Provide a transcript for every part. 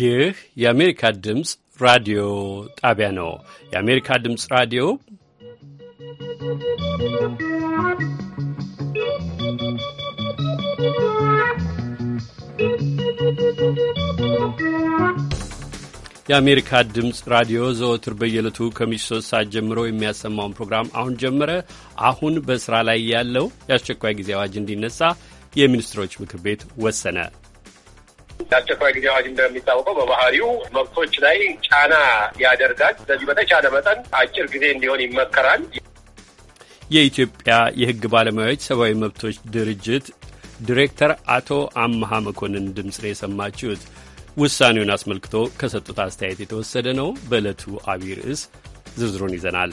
ይህ የአሜሪካ ድምፅ ራዲዮ ጣቢያ ነው። የአሜሪካ ድምፅ ራዲዮ የአሜሪካ ድምፅ ራዲዮ ዘወትር በየዕለቱ ከምሽቱ ሶስት ሰዓት ጀምሮ የሚያሰማውን ፕሮግራም አሁን ጀመረ። አሁን በስራ ላይ ያለው የአስቸኳይ ጊዜ አዋጅ እንዲነሳ የሚኒስትሮች ምክር ቤት ወሰነ። የአስቸኳይ ጊዜ አዋጅ እንደሚታወቀው በባህሪው መብቶች ላይ ጫና ያደርጋል። ስለዚህ በተቻለ መጠን አጭር ጊዜ እንዲሆን ይመከራል። የኢትዮጵያ የሕግ ባለሙያዎች ሰብአዊ መብቶች ድርጅት ዲሬክተር አቶ አመሃ መኮንን ድምፅ ነው የሰማችሁት። ውሳኔውን አስመልክቶ ከሰጡት አስተያየት የተወሰደ ነው። በዕለቱ አቢይ ርዕስ ዝርዝሩን ይዘናል።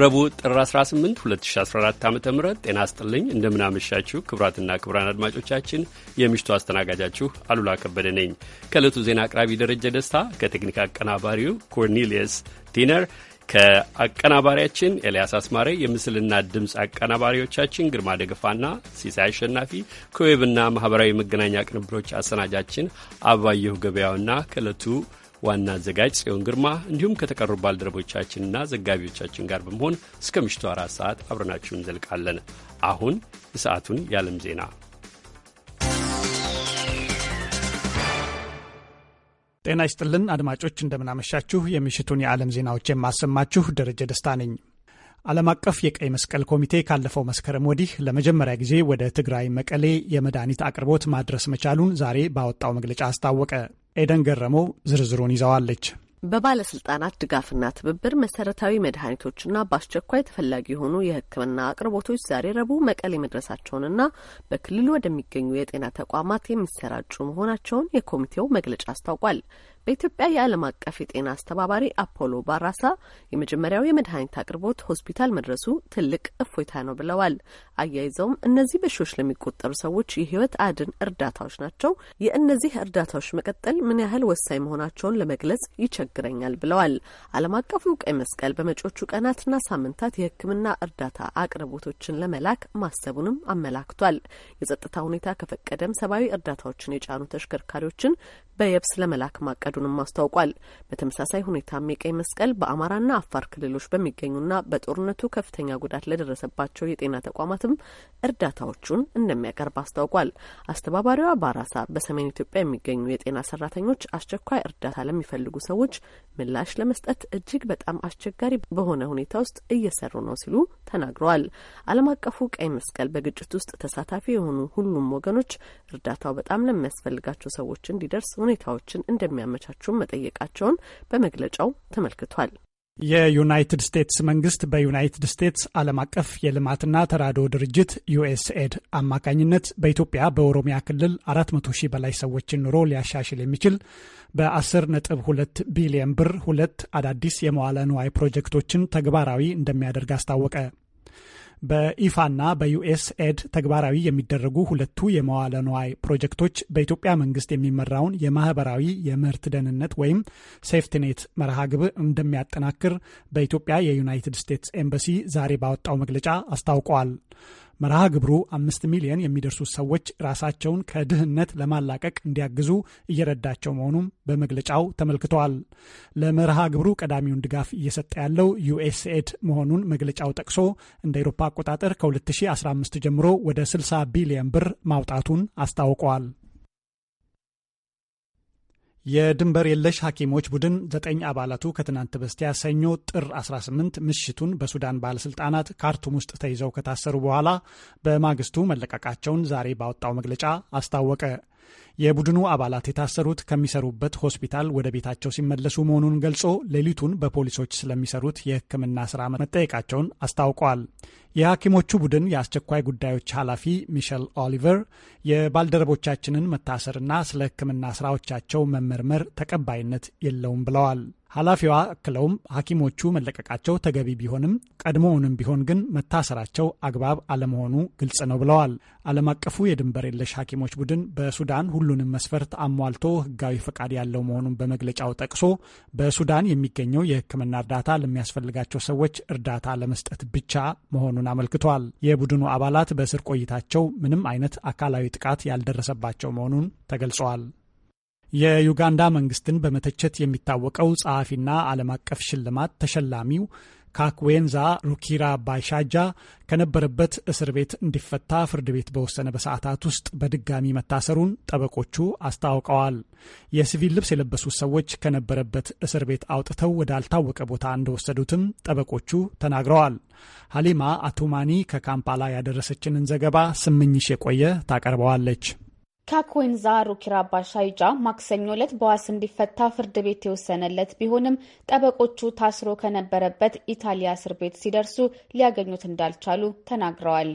ረቡዕ ጥር 18 2014 ዓ ም ጤና ስጥልኝ። እንደምናመሻችሁ ክቡራትና ክቡራን አድማጮቻችን የምሽቱ አስተናጋጃችሁ አሉላ ከበደ ነኝ። ከእለቱ ዜና አቅራቢ ደረጀ ደስታ፣ ከቴክኒክ አቀናባሪው ኮርኔሊየስ ቲነር፣ ከአቀናባሪያችን ኤልያስ አስማሬ፣ የምስልና ድምፅ አቀናባሪዎቻችን ግርማ ደገፋና ሲሳይ አሸናፊ፣ ከዌብና ማኅበራዊ መገናኛ ቅንብሮች አሰናጃችን አበባየሁ ገበያውና ከእለቱ ዋና አዘጋጅ ጽዮን ግርማ እንዲሁም ከተቀሩ ባልደረቦቻችንና ዘጋቢዎቻችን ጋር በመሆን እስከ ምሽቱ አራት ሰዓት አብረናችሁ እንዘልቃለን። አሁን የሰዓቱን የዓለም ዜና። ጤና ይስጥልን አድማጮች፣ እንደምናመሻችሁ። የምሽቱን የዓለም ዜናዎች የማሰማችሁ ደረጀ ደስታ ነኝ። ዓለም አቀፍ የቀይ መስቀል ኮሚቴ ካለፈው መስከረም ወዲህ ለመጀመሪያ ጊዜ ወደ ትግራይ መቀሌ የመድኃኒት አቅርቦት ማድረስ መቻሉን ዛሬ ባወጣው መግለጫ አስታወቀ። ኤደን ገረመው ዝርዝሩን ይዘዋለች። በባለስልጣናት ድጋፍና ትብብር መሰረታዊ መድኃኒቶችና በአስቸኳይ ተፈላጊ የሆኑ የሕክምና አቅርቦቶች ዛሬ ረቡዕ መቀሌ መድረሳቸውንና በክልሉ ወደሚገኙ የጤና ተቋማት የሚሰራጩ መሆናቸውን የኮሚቴው መግለጫ አስታውቋል። በኢትዮጵያ የዓለም አቀፍ የጤና አስተባባሪ አፖሎ ባራሳ የመጀመሪያው የመድኃኒት አቅርቦት ሆስፒታል መድረሱ ትልቅ እፎይታ ነው ብለዋል። አያይዘውም እነዚህ በሺዎች ለሚቆጠሩ ሰዎች የህይወት አድን እርዳታዎች ናቸው። የእነዚህ እርዳታዎች መቀጠል ምን ያህል ወሳኝ መሆናቸውን ለመግለጽ ይቸግረኛል ብለዋል። ዓለም አቀፉ ቀይ መስቀል በመጪዎቹ ቀናትና ሳምንታት የህክምና እርዳታ አቅርቦቶችን ለመላክ ማሰቡንም አመላክቷል። የጸጥታ ሁኔታ ከፈቀደም ሰብአዊ እርዳታዎችን የጫኑ ተሽከርካሪዎችን በየብስ ለመላክ ማቀ መፈቀዱንም አስታውቋል። በተመሳሳይ ሁኔታም የቀይ መስቀል በአማራና አፋር ክልሎች በሚገኙና በጦርነቱ ከፍተኛ ጉዳት ለደረሰባቸው የጤና ተቋማትም እርዳታዎቹን እንደሚያቀርብ አስታውቋል። አስተባባሪዋ ባራሳ በሰሜን ኢትዮጵያ የሚገኙ የጤና ሰራተኞች አስቸኳይ እርዳታ ለሚፈልጉ ሰዎች ምላሽ ለመስጠት እጅግ በጣም አስቸጋሪ በሆነ ሁኔታ ውስጥ እየሰሩ ነው ሲሉ ተናግረዋል። ዓለም አቀፉ ቀይ መስቀል በግጭት ውስጥ ተሳታፊ የሆኑ ሁሉም ወገኖች እርዳታው በጣም ለሚያስፈልጋቸው ሰዎች እንዲደርስ ሁኔታዎችን እንደሚያመ እንዲያመቻቹም መጠየቃቸውን በመግለጫው ተመልክቷል። የዩናይትድ ስቴትስ መንግስት በዩናይትድ ስቴትስ ዓለም አቀፍ የልማትና ተራድኦ ድርጅት ዩኤስኤድ አማካኝነት በኢትዮጵያ በኦሮሚያ ክልል 400 ሺህ በላይ ሰዎችን ኑሮ ሊያሻሽል የሚችል በ10.2 ቢሊየን ብር ሁለት አዳዲስ የመዋለ ንዋይ ፕሮጀክቶችን ተግባራዊ እንደሚያደርግ አስታወቀ። በኢፋና በዩኤስ ኤድ ተግባራዊ የሚደረጉ ሁለቱ የመዋለ ንዋይ ፕሮጀክቶች በኢትዮጵያ መንግስት የሚመራውን የማህበራዊ የምርት ደህንነት ወይም ሴፍቲኔት መርሃ እንደሚያጠናክር በኢትዮጵያ የዩናይትድ ስቴትስ ኤምባሲ ዛሬ ባወጣው መግለጫ አስታውቀዋል። መርሃ ግብሩ አምስት ሚሊዮን የሚደርሱ ሰዎች ራሳቸውን ከድህነት ለማላቀቅ እንዲያግዙ እየረዳቸው መሆኑም በመግለጫው ተመልክተዋል። ለመርሃ ግብሩ ቀዳሚውን ድጋፍ እየሰጠ ያለው ዩኤስኤድ መሆኑን መግለጫው ጠቅሶ እንደ አውሮፓ አቆጣጠር ከ2015 ጀምሮ ወደ 60 ቢሊዮን ብር ማውጣቱን አስታውቀዋል። የድንበር የለሽ ሐኪሞች ቡድን ዘጠኝ አባላቱ ከትናንት በስቲያ ሰኞ ጥር 18 ምሽቱን በሱዳን ባለሥልጣናት ካርቱም ውስጥ ተይዘው ከታሰሩ በኋላ በማግስቱ መለቀቃቸውን ዛሬ ባወጣው መግለጫ አስታወቀ። የቡድኑ አባላት የታሰሩት ከሚሰሩበት ሆስፒታል ወደ ቤታቸው ሲመለሱ መሆኑን ገልጾ ሌሊቱን በፖሊሶች ስለሚሰሩት የሕክምና ስራ መጠየቃቸውን አስታውቀዋል። የሐኪሞቹ ቡድን የአስቸኳይ ጉዳዮች ኃላፊ ሚሸል ኦሊቨር የባልደረቦቻችንን መታሰርና ስለ ሕክምና ስራዎቻቸው መመርመር ተቀባይነት የለውም ብለዋል። ኃላፊዋ አክለውም ሐኪሞቹ መለቀቃቸው ተገቢ ቢሆንም ቀድሞውንም ቢሆን ግን መታሰራቸው አግባብ አለመሆኑ ግልጽ ነው ብለዋል። ዓለም አቀፉ የድንበር የለሽ ሐኪሞች ቡድን በሱዳን ሁሉ ሁሉንም መስፈርት አሟልቶ ሕጋዊ ፈቃድ ያለው መሆኑን በመግለጫው ጠቅሶ በሱዳን የሚገኘው የህክምና እርዳታ ለሚያስፈልጋቸው ሰዎች እርዳታ ለመስጠት ብቻ መሆኑን አመልክቷል። የቡድኑ አባላት በእስር ቆይታቸው ምንም አይነት አካላዊ ጥቃት ያልደረሰባቸው መሆኑን ተገልጿል። የዩጋንዳ መንግስትን በመተቸት የሚታወቀው ጸሐፊና ዓለም አቀፍ ሽልማት ተሸላሚው ካክዌንዛ ሩኪራ ባይሻጃ ከነበረበት እስር ቤት እንዲፈታ ፍርድ ቤት በወሰነ በሰዓታት ውስጥ በድጋሚ መታሰሩን ጠበቆቹ አስታውቀዋል። የሲቪል ልብስ የለበሱት ሰዎች ከነበረበት እስር ቤት አውጥተው ወዳልታወቀ ቦታ እንደወሰዱትም ጠበቆቹ ተናግረዋል። ሀሊማ አቱማኒ ከካምፓላ ያደረሰችንን ዘገባ ስምኝሽ የቆየ ታቀርበዋለች። ካኮንዛ ሩኪራባ ሻይጃ ማክሰኞ ዕለት በዋስ እንዲፈታ ፍርድ ቤት የወሰነለት ቢሆንም ጠበቆቹ ታስሮ ከነበረበት ኢታሊያ እስር ቤት ሲደርሱ ሊያገኙት እንዳልቻሉ ተናግረዋል።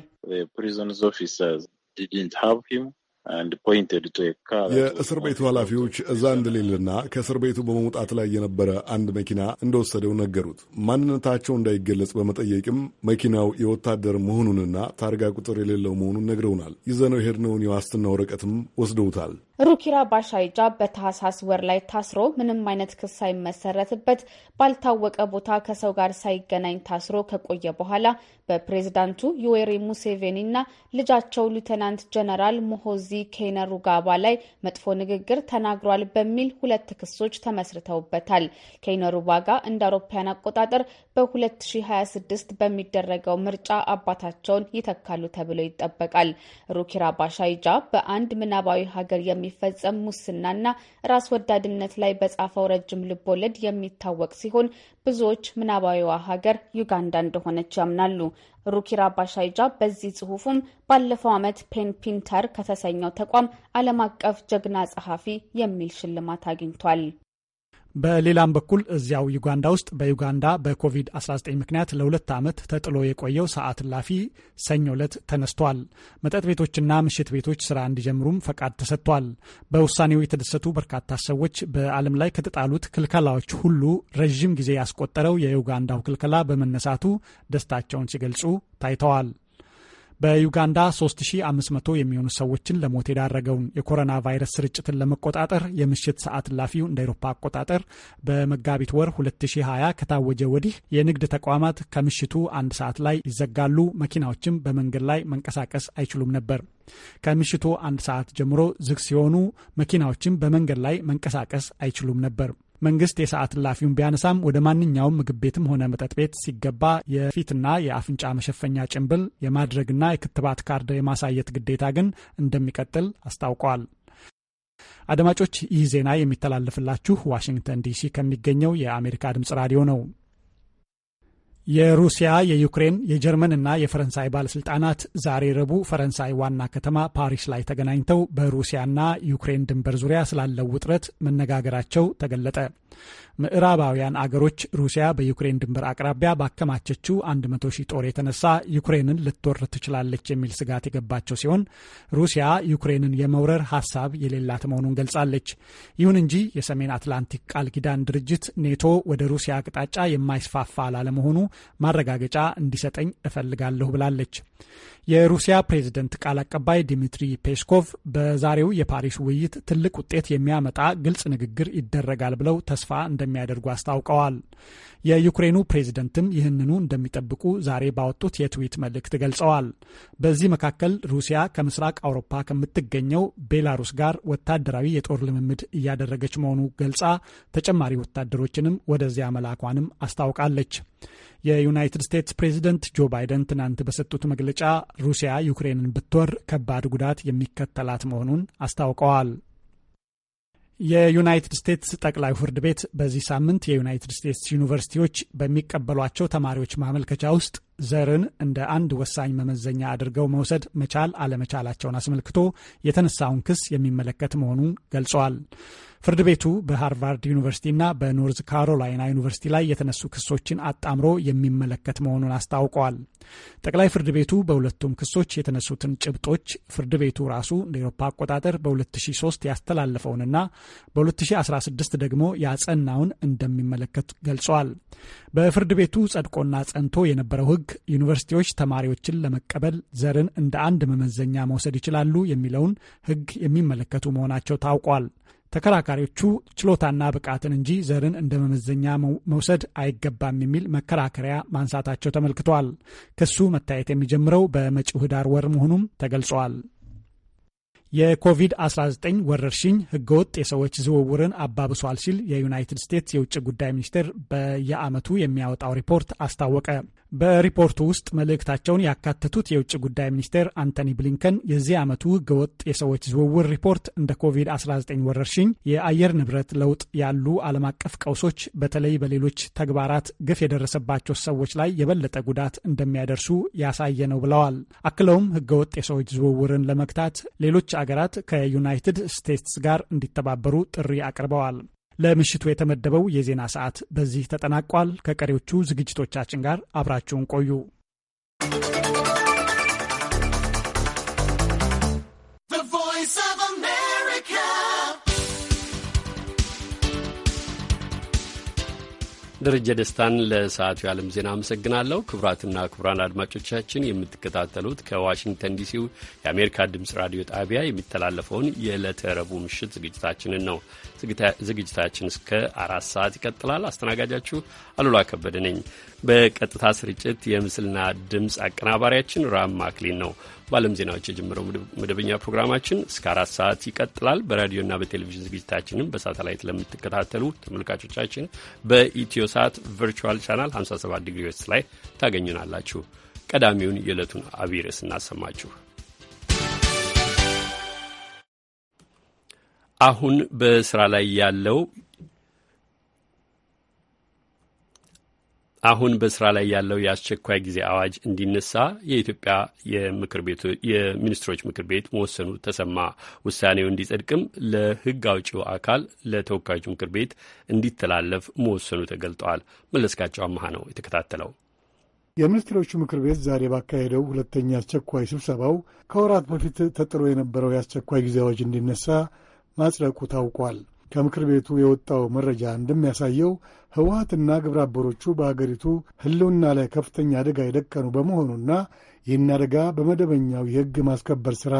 የእስር ቤቱ ኃላፊዎች እዛ እንደሌለና ከእስር ቤቱ በመውጣት ላይ የነበረ አንድ መኪና እንደወሰደው ነገሩት። ማንነታቸው እንዳይገለጽ በመጠየቅም መኪናው የወታደር መሆኑንና ታርጋ ቁጥር የሌለው መሆኑን ነግረውናል። ይዘነው የሄድነውን የዋስትና ወረቀትም ወስደውታል። ሩኪራ ባሻይጃ በታህሳስ ወር ላይ ታስሮ ምንም አይነት ክስ ሳይመሰረትበት ባልታወቀ ቦታ ከሰው ጋር ሳይገናኝ ታስሮ ከቆየ በኋላ በፕሬዝዳንቱ ዩዌሪ ሙሴቬኒ እና ልጃቸው ሊውተናንት ጀነራል ሞሆዚ ጋባ ላይ መጥፎ ንግግር ተናግሯል በሚል ሁለት ክሶች ተመስርተውበታል። ዋጋ እንደ አውሮፓያን አቆጣጠር በ2026 በሚደረገው ምርጫ አባታቸውን ይተካሉ ተብሎ ይጠበቃል። ሩኪራ ባሻይጃ በአንድ ምናባዊ ሀገር የሚ የሚፈጸም ሙስናና ራስ ወዳድነት ላይ በጻፈው ረጅም ልቦለድ የሚታወቅ ሲሆን ብዙዎች ምናባዊዋ ሀገር ዩጋንዳ እንደሆነች ያምናሉ። ሩኪራ ባሻይጃ በዚህ ጽሁፉም ባለፈው ዓመት ፔን ፒንተር ከተሰኘው ተቋም ዓለም አቀፍ ጀግና ጸሐፊ የሚል ሽልማት አግኝቷል። በሌላም በኩል እዚያው ዩጋንዳ ውስጥ በዩጋንዳ በኮቪድ-19 ምክንያት ለሁለት ዓመት ተጥሎ የቆየው ሰዓት እላፊ ሰኞ ዕለት ተነስቷል። መጠጥ ቤቶችና ምሽት ቤቶች ስራ እንዲጀምሩም ፈቃድ ተሰጥቷል። በውሳኔው የተደሰቱ በርካታ ሰዎች በዓለም ላይ ከተጣሉት ክልከላዎች ሁሉ ረዥም ጊዜ ያስቆጠረው የዩጋንዳው ክልከላ በመነሳቱ ደስታቸውን ሲገልጹ ታይተዋል። በዩጋንዳ 3500 የሚሆኑ ሰዎችን ለሞት የዳረገውን የኮሮና ቫይረስ ስርጭትን ለመቆጣጠር የምሽት ሰዓት ላፊው እንደ ኤሮፓ አቆጣጠር በመጋቢት ወር 2020 ከታወጀ ወዲህ የንግድ ተቋማት ከምሽቱ አንድ ሰዓት ላይ ይዘጋሉ። መኪናዎችም በመንገድ ላይ መንቀሳቀስ አይችሉም ነበር። ከምሽቱ አንድ ሰዓት ጀምሮ ዝግ ሲሆኑ መኪናዎችም በመንገድ ላይ መንቀሳቀስ አይችሉም ነበር። መንግስት የሰዓት እላፊውን ቢያነሳም ወደ ማንኛውም ምግብ ቤትም ሆነ መጠጥ ቤት ሲገባ የፊትና የአፍንጫ መሸፈኛ ጭንብል የማድረግና የክትባት ካርድ የማሳየት ግዴታ ግን እንደሚቀጥል አስታውቀዋል። አድማጮች ይህ ዜና የሚተላለፍላችሁ ዋሽንግተን ዲሲ ከሚገኘው የአሜሪካ ድምጽ ራዲዮ ነው። የሩሲያ የዩክሬን የጀርመን እና የፈረንሳይ ባለስልጣናት ዛሬ ረቡዕ ፈረንሳይ ዋና ከተማ ፓሪስ ላይ ተገናኝተው በሩሲያና ዩክሬን ድንበር ዙሪያ ስላለው ውጥረት መነጋገራቸው ተገለጠ። ምዕራባውያን አገሮች ሩሲያ በዩክሬን ድንበር አቅራቢያ ባከማቸችው 100 ሺህ ጦር የተነሳ ዩክሬንን ልትወር ትችላለች የሚል ስጋት የገባቸው ሲሆን ሩሲያ ዩክሬንን የመውረር ሀሳብ የሌላት መሆኑን ገልጻለች። ይሁን እንጂ የሰሜን አትላንቲክ ቃል ኪዳን ድርጅት ኔቶ ወደ ሩሲያ አቅጣጫ የማይስፋፋ ላለመሆኑ ማረጋገጫ እንዲሰጠኝ እፈልጋለሁ ብላለች። የሩሲያ ፕሬዝደንት ቃል አቀባይ ዲሚትሪ ፔስኮቭ በዛሬው የፓሪስ ውይይት ትልቅ ውጤት የሚያመጣ ግልጽ ንግግር ይደረጋል ብለው ተስፋ እንደሚያደርጉ አስታውቀዋል። የዩክሬኑ ፕሬዝደንትም ይህንኑ እንደሚጠብቁ ዛሬ ባወጡት የትዊት መልእክት ገልጸዋል። በዚህ መካከል ሩሲያ ከምስራቅ አውሮፓ ከምትገኘው ቤላሩስ ጋር ወታደራዊ የጦር ልምምድ እያደረገች መሆኑ ገልጻ ተጨማሪ ወታደሮችንም ወደዚያ መላኳንም አስታውቃለች። የዩናይትድ ስቴትስ ፕሬዚደንት ጆ ባይደን ትናንት በሰጡት መግለጫ ሩሲያ ዩክሬንን ብትወር ከባድ ጉዳት የሚከተላት መሆኑን አስታውቀዋል። የዩናይትድ ስቴትስ ጠቅላይ ፍርድ ቤት በዚህ ሳምንት የዩናይትድ ስቴትስ ዩኒቨርሲቲዎች በሚቀበሏቸው ተማሪዎች ማመልከቻ ውስጥ ዘርን እንደ አንድ ወሳኝ መመዘኛ አድርገው መውሰድ መቻል አለመቻላቸውን አስመልክቶ የተነሳውን ክስ የሚመለከት መሆኑን ገልጸዋል። ፍርድ ቤቱ በሃርቫርድ ዩኒቨርሲቲና በኖርዝ ካሮላይና ዩኒቨርሲቲ ላይ የተነሱ ክሶችን አጣምሮ የሚመለከት መሆኑን አስታውቀዋል። ጠቅላይ ፍርድ ቤቱ በሁለቱም ክሶች የተነሱትን ጭብጦች ፍርድ ቤቱ ራሱ እንደ ኤሮፓ አቆጣጠር በ2003 ያስተላለፈውንና በ2016 ደግሞ ያጸናውን እንደሚመለከት ገልጿል። በፍርድ ቤቱ ጸድቆና ጸንቶ የነበረው ሕግ ዩኒቨርሲቲዎች ተማሪዎችን ለመቀበል ዘርን እንደ አንድ መመዘኛ መውሰድ ይችላሉ የሚለውን ሕግ የሚመለከቱ መሆናቸው ታውቋል። ተከራካሪዎቹ ችሎታና ብቃትን እንጂ ዘርን እንደ መመዘኛ መውሰድ አይገባም የሚል መከራከሪያ ማንሳታቸው ተመልክቷል። ክሱ መታየት የሚጀምረው በመጪው ህዳር ወር መሆኑም ተገልጿል። የኮቪድ-19 ወረርሽኝ ህገወጥ የሰዎች ዝውውርን አባብሷል ሲል የዩናይትድ ስቴትስ የውጭ ጉዳይ ሚኒስቴር በየዓመቱ የሚያወጣው ሪፖርት አስታወቀ። በሪፖርቱ ውስጥ መልእክታቸውን ያካተቱት የውጭ ጉዳይ ሚኒስቴር አንቶኒ ብሊንከን የዚህ ዓመቱ ህገወጥ የሰዎች ዝውውር ሪፖርት እንደ ኮቪድ-19 ወረርሽኝ፣ የአየር ንብረት ለውጥ ያሉ ዓለም አቀፍ ቀውሶች በተለይ በሌሎች ተግባራት ግፍ የደረሰባቸው ሰዎች ላይ የበለጠ ጉዳት እንደሚያደርሱ ያሳየ ነው ብለዋል። አክለውም ህገወጥ የሰዎች ዝውውርን ለመግታት ሌሎች አገራት ከዩናይትድ ስቴትስ ጋር እንዲተባበሩ ጥሪ አቅርበዋል። ለምሽቱ የተመደበው የዜና ሰዓት በዚህ ተጠናቋል። ከቀሪዎቹ ዝግጅቶቻችን ጋር አብራችሁን ቆዩ። ደረጀ ደስታን ለሰዓቱ የዓለም ዜና አመሰግናለሁ። ክቡራትና ክቡራን አድማጮቻችን የምትከታተሉት ከዋሽንግተን ዲሲው የአሜሪካ ድምፅ ራዲዮ ጣቢያ የሚተላለፈውን የዕለተ ረቡዕ ምሽት ዝግጅታችንን ነው። ዝግጅታችን እስከ አራት ሰዓት ይቀጥላል። አስተናጋጃችሁ አሉላ ከበደ ነኝ። በቀጥታ ስርጭት የምስልና ድምፅ አቀናባሪያችን ራም ማክሊን ነው። በዓለም ዜናዎች የጀመረው መደበኛ ፕሮግራማችን እስከ አራት ሰዓት ይቀጥላል። በራዲዮና በቴሌቪዥን ዝግጅታችንም በሳተላይት ለምትከታተሉ ተመልካቾቻችን በኢትዮ ሰዓት ቨርቹዋል ቻናል 57 ዲግሪ ዌስት ላይ ታገኙናላችሁ። ቀዳሚውን የዕለቱን አብይ ርዕስ እናሰማችሁ። አሁን በስራ ላይ ያለው አሁን በስራ ላይ ያለው የአስቸኳይ ጊዜ አዋጅ እንዲነሳ የኢትዮጵያ የምክር ቤቱ የሚኒስትሮች ምክር ቤት መወሰኑ ተሰማ። ውሳኔው እንዲጸድቅም ለሕግ አውጪው አካል ለተወካዮች ምክር ቤት እንዲተላለፍ መወሰኑ ተገልጠዋል። መለስካቸው አመሃ ነው የተከታተለው። የሚኒስትሮቹ ምክር ቤት ዛሬ ባካሄደው ሁለተኛ አስቸኳይ ስብሰባው ከወራት በፊት ተጥሎ የነበረው የአስቸኳይ ጊዜ አዋጅ እንዲነሳ ማጽደቁ ታውቋል። ከምክር ቤቱ የወጣው መረጃ እንደሚያሳየው ህወሀትና ግብረ በአገሪቱ ህልውና ላይ ከፍተኛ አደጋ የደቀኑ በመሆኑና ይህን አደጋ በመደበኛው የሕግ ማስከበር ሥራ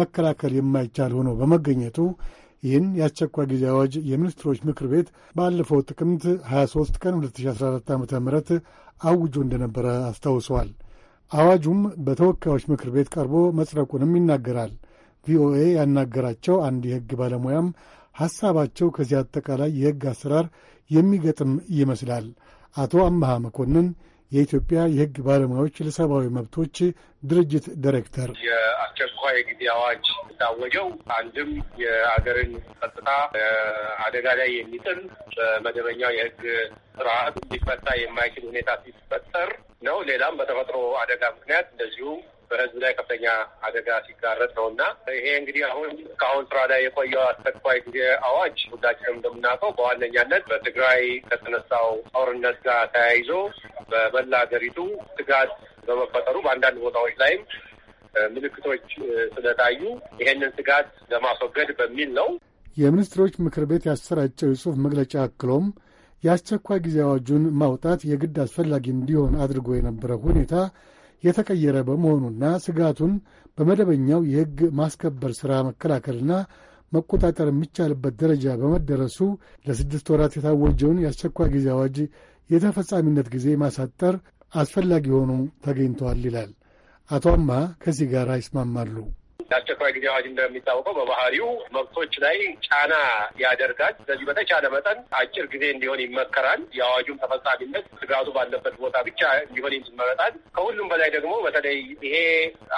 መከላከል የማይቻል ሆኖ በመገኘቱ ይህን የአስቸኳይ ጊዜ አዋጅ የሚኒስትሮች ምክር ቤት ባለፈው ጥቅምት 23 ቀን 2014 ዓ ም አውጆ እንደነበረ አስታውሰዋል። አዋጁም በተወካዮች ምክር ቤት ቀርቦ መጽረቁንም ይናገራል። ቪኦኤ ያናገራቸው አንድ የሕግ ባለሙያም ሐሳባቸው ከዚህ አጠቃላይ የሕግ አሰራር የሚገጥም ይመስላል። አቶ አምሃ መኮንን የኢትዮጵያ የሕግ ባለሙያዎች ለሰብአዊ መብቶች ድርጅት ዲሬክተር የአስቸኳይ ጊዜ አዋጅ የታወጀው አንድም የአገርን ጸጥታ አደጋ ላይ የሚጥል በመደበኛው የሕግ ስርዓት ሊፈታ የማይችል ሁኔታ ሲፈጠር ነው። ሌላም በተፈጥሮ አደጋ ምክንያት እንደዚሁም በህዝብ ላይ ከፍተኛ አደጋ ሲጋረጥ ነው እና ይሄ እንግዲህ አሁን ከአሁን ስራ ላይ የቆየው አስቸኳይ ጊዜ አዋጅ ሁላችንም እንደምናውቀው በዋነኛነት በትግራይ ከተነሳው ጦርነት ጋር ተያይዞ በመላ ሀገሪቱ ስጋት በመፈጠሩ በአንዳንድ ቦታዎች ላይም ምልክቶች ስለታዩ ይሄንን ስጋት ለማስወገድ በሚል ነው የሚኒስትሮች ምክር ቤት ያሰራጨው የጽሑፍ መግለጫ አክሎም የአስቸኳይ ጊዜ አዋጁን ማውጣት የግድ አስፈላጊ እንዲሆን አድርጎ የነበረ ሁኔታ የተቀየረ በመሆኑና ስጋቱን በመደበኛው የሕግ ማስከበር ሥራ መከላከልና መቆጣጠር የሚቻልበት ደረጃ በመደረሱ ለስድስት ወራት የታወጀውን የአስቸኳይ ጊዜ አዋጅ የተፈጻሚነት ጊዜ ማሳጠር አስፈላጊ ሆኖ ተገኝተዋል ይላል። አቶ አማ ከዚህ ጋር ይስማማሉ። የአስቸኳይ ጊዜ አዋጅ እንደሚታወቀው በባህሪው መብቶች ላይ ጫና ያደርጋል። ስለዚህ በተቻለ መጠን አጭር ጊዜ እንዲሆን ይመከራል። የአዋጁም ተፈጻሚነት ስጋቱ ባለበት ቦታ ብቻ እንዲሆን ይመረጣል። ከሁሉም በላይ ደግሞ በተለይ ይሄ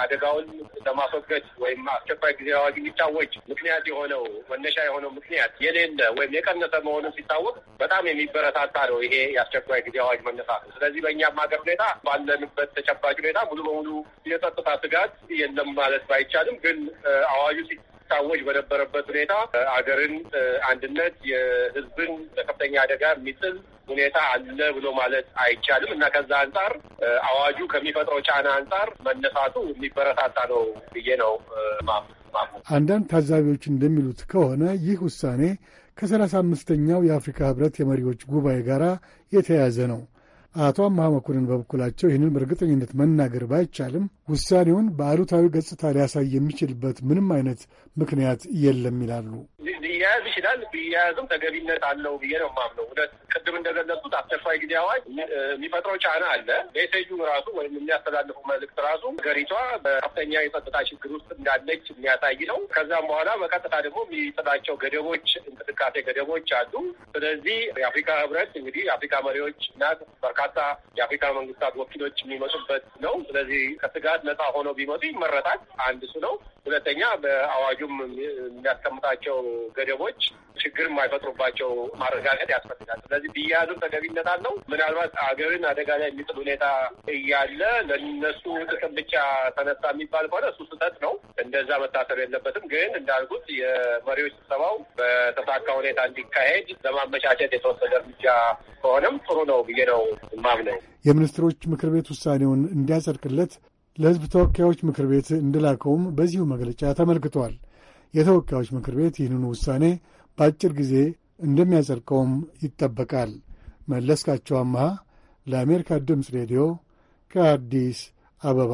አደጋውን ለማስወገድ ወይም አስቸኳይ ጊዜ አዋጅ እንዲታወጅ ምክንያት የሆነው መነሻ የሆነው ምክንያት የሌለ ወይም የቀነሰ መሆኑን ሲታወቅ በጣም የሚበረታታ ነው ይሄ የአስቸኳይ ጊዜ አዋጅ መነሳት። ስለዚህ በእኛም ሀገር ሁኔታ ባለንበት ተጨባጭ ሁኔታ ሙሉ በሙሉ የጸጥታ ስጋት የለም ማለት ባይቻልም ግን አዋጁ ሲታወጅ በነበረበት ሁኔታ አገርን አንድነት የህዝብን ለከፍተኛ አደጋ የሚጥል ሁኔታ አለ ብሎ ማለት አይቻልም እና ከዛ አንጻር አዋጁ ከሚፈጥረው ጫና አንጻር መነሳቱ የሚበረታታ ነው ብዬ ነው አንዳንድ ታዛቢዎች እንደሚሉት ከሆነ ይህ ውሳኔ ከሰላሳ አምስተኛው የአፍሪካ ህብረት የመሪዎች ጉባኤ ጋር የተያያዘ ነው። አቶ አምሃ መኮንን በበኩላቸው ይህንን በእርግጠኝነት መናገር ባይቻልም ውሳኔውን በአሉታዊ ገጽታ ሊያሳይ የሚችልበት ምንም አይነት ምክንያት የለም ይላሉ። ሊያያዝ ይችላል። ቢያያዝም ተገቢነት አለው ብዬ ነው የማምነው። ሁለት ቅድም እንደገለጹት አስቸኳይ ጊዜ አዋጅ የሚፈጥረው ጫና አለ። ሜሴጁ ራሱ ወይም የሚያስተላልፉ መልእክት ራሱ ሀገሪቷ በከፍተኛ የጸጥታ ችግር ውስጥ እንዳለች የሚያሳይ ነው። ከዛም በኋላ በቀጥታ ደግሞ የሚጥላቸው ገደቦች፣ እንቅስቃሴ ገደቦች አሉ። ስለዚህ የአፍሪካ ህብረት እንግዲህ የአፍሪካ መሪዎች እና በርካታ የአፍሪካ መንግስታት ወኪሎች የሚመጡበት ነው። ስለዚህ ከስጋ ከስርዓት ነጻ ቢመጡ ይመረጣል። አንድ እሱ ነው። ሁለተኛ በአዋጁም የሚያስቀምጣቸው ገደቦች ችግር የማይፈጥሩባቸው ማረጋገጥ ያስፈልጋል። ስለዚህ ቢያያዙ ተገቢነት አለው። ምናልባት አገርን አደጋ ላይ የሚጥል ሁኔታ እያለ ለነሱ ጥቅም ብቻ ተነሳ የሚባል ከሆነ እሱ ስህተት ነው። እንደዛ መታሰብ የለበትም። ግን እንዳልኩት የመሪዎች ስብሰባው በተሳካ ሁኔታ እንዲካሄድ ለማመቻቸት የተወሰደ እርምጃ ከሆነም ጥሩ ነው ብዬ ነው ማምነው። የሚኒስትሮች ምክር ቤት ውሳኔውን እንዲያጸድቅለት ለሕዝብ ተወካዮች ምክር ቤት እንደላከውም በዚሁ መግለጫ ተመልክቷል። የተወካዮች ምክር ቤት ይህንኑ ውሳኔ በአጭር ጊዜ እንደሚያጸድቀውም ይጠበቃል። መለስካቸው አመሃ ለአሜሪካ ድምፅ ሬዲዮ ከአዲስ አበባ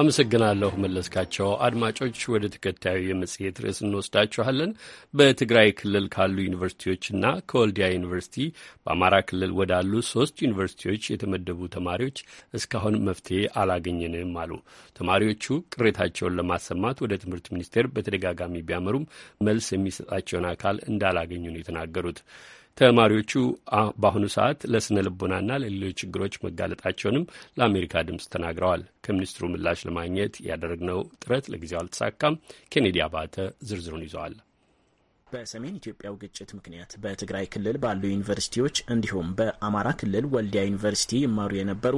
አመሰግናለሁ መለስካቸው። አድማጮች ወደ ተከታዩ የመጽሔት ርዕስ እንወስዳችኋለን። በትግራይ ክልል ካሉ ዩኒቨርሲቲዎችና ከወልዲያ ዩኒቨርሲቲ በአማራ ክልል ወዳሉ ሶስት ዩኒቨርሲቲዎች የተመደቡ ተማሪዎች እስካሁን መፍትሄ አላገኘንም አሉ። ተማሪዎቹ ቅሬታቸውን ለማሰማት ወደ ትምህርት ሚኒስቴር በተደጋጋሚ ቢያመሩም መልስ የሚሰጣቸውን አካል እንዳላገኙ ነው የተናገሩት። ተማሪዎቹ በአሁኑ ሰዓት ለስነ ልቦናና ለሌሎች ችግሮች መጋለጣቸውንም ለአሜሪካ ድምፅ ተናግረዋል። ከሚኒስትሩ ምላሽ ለማግኘት ያደረግነው ጥረት ለጊዜው አልተሳካም። ኬኔዲ አባተ ዝርዝሩን ይዘዋል። በሰሜን ኢትዮጵያው ግጭት ምክንያት በትግራይ ክልል ባሉ ዩኒቨርሲቲዎች እንዲሁም በአማራ ክልል ወልዲያ ዩኒቨርሲቲ ይማሩ የነበሩ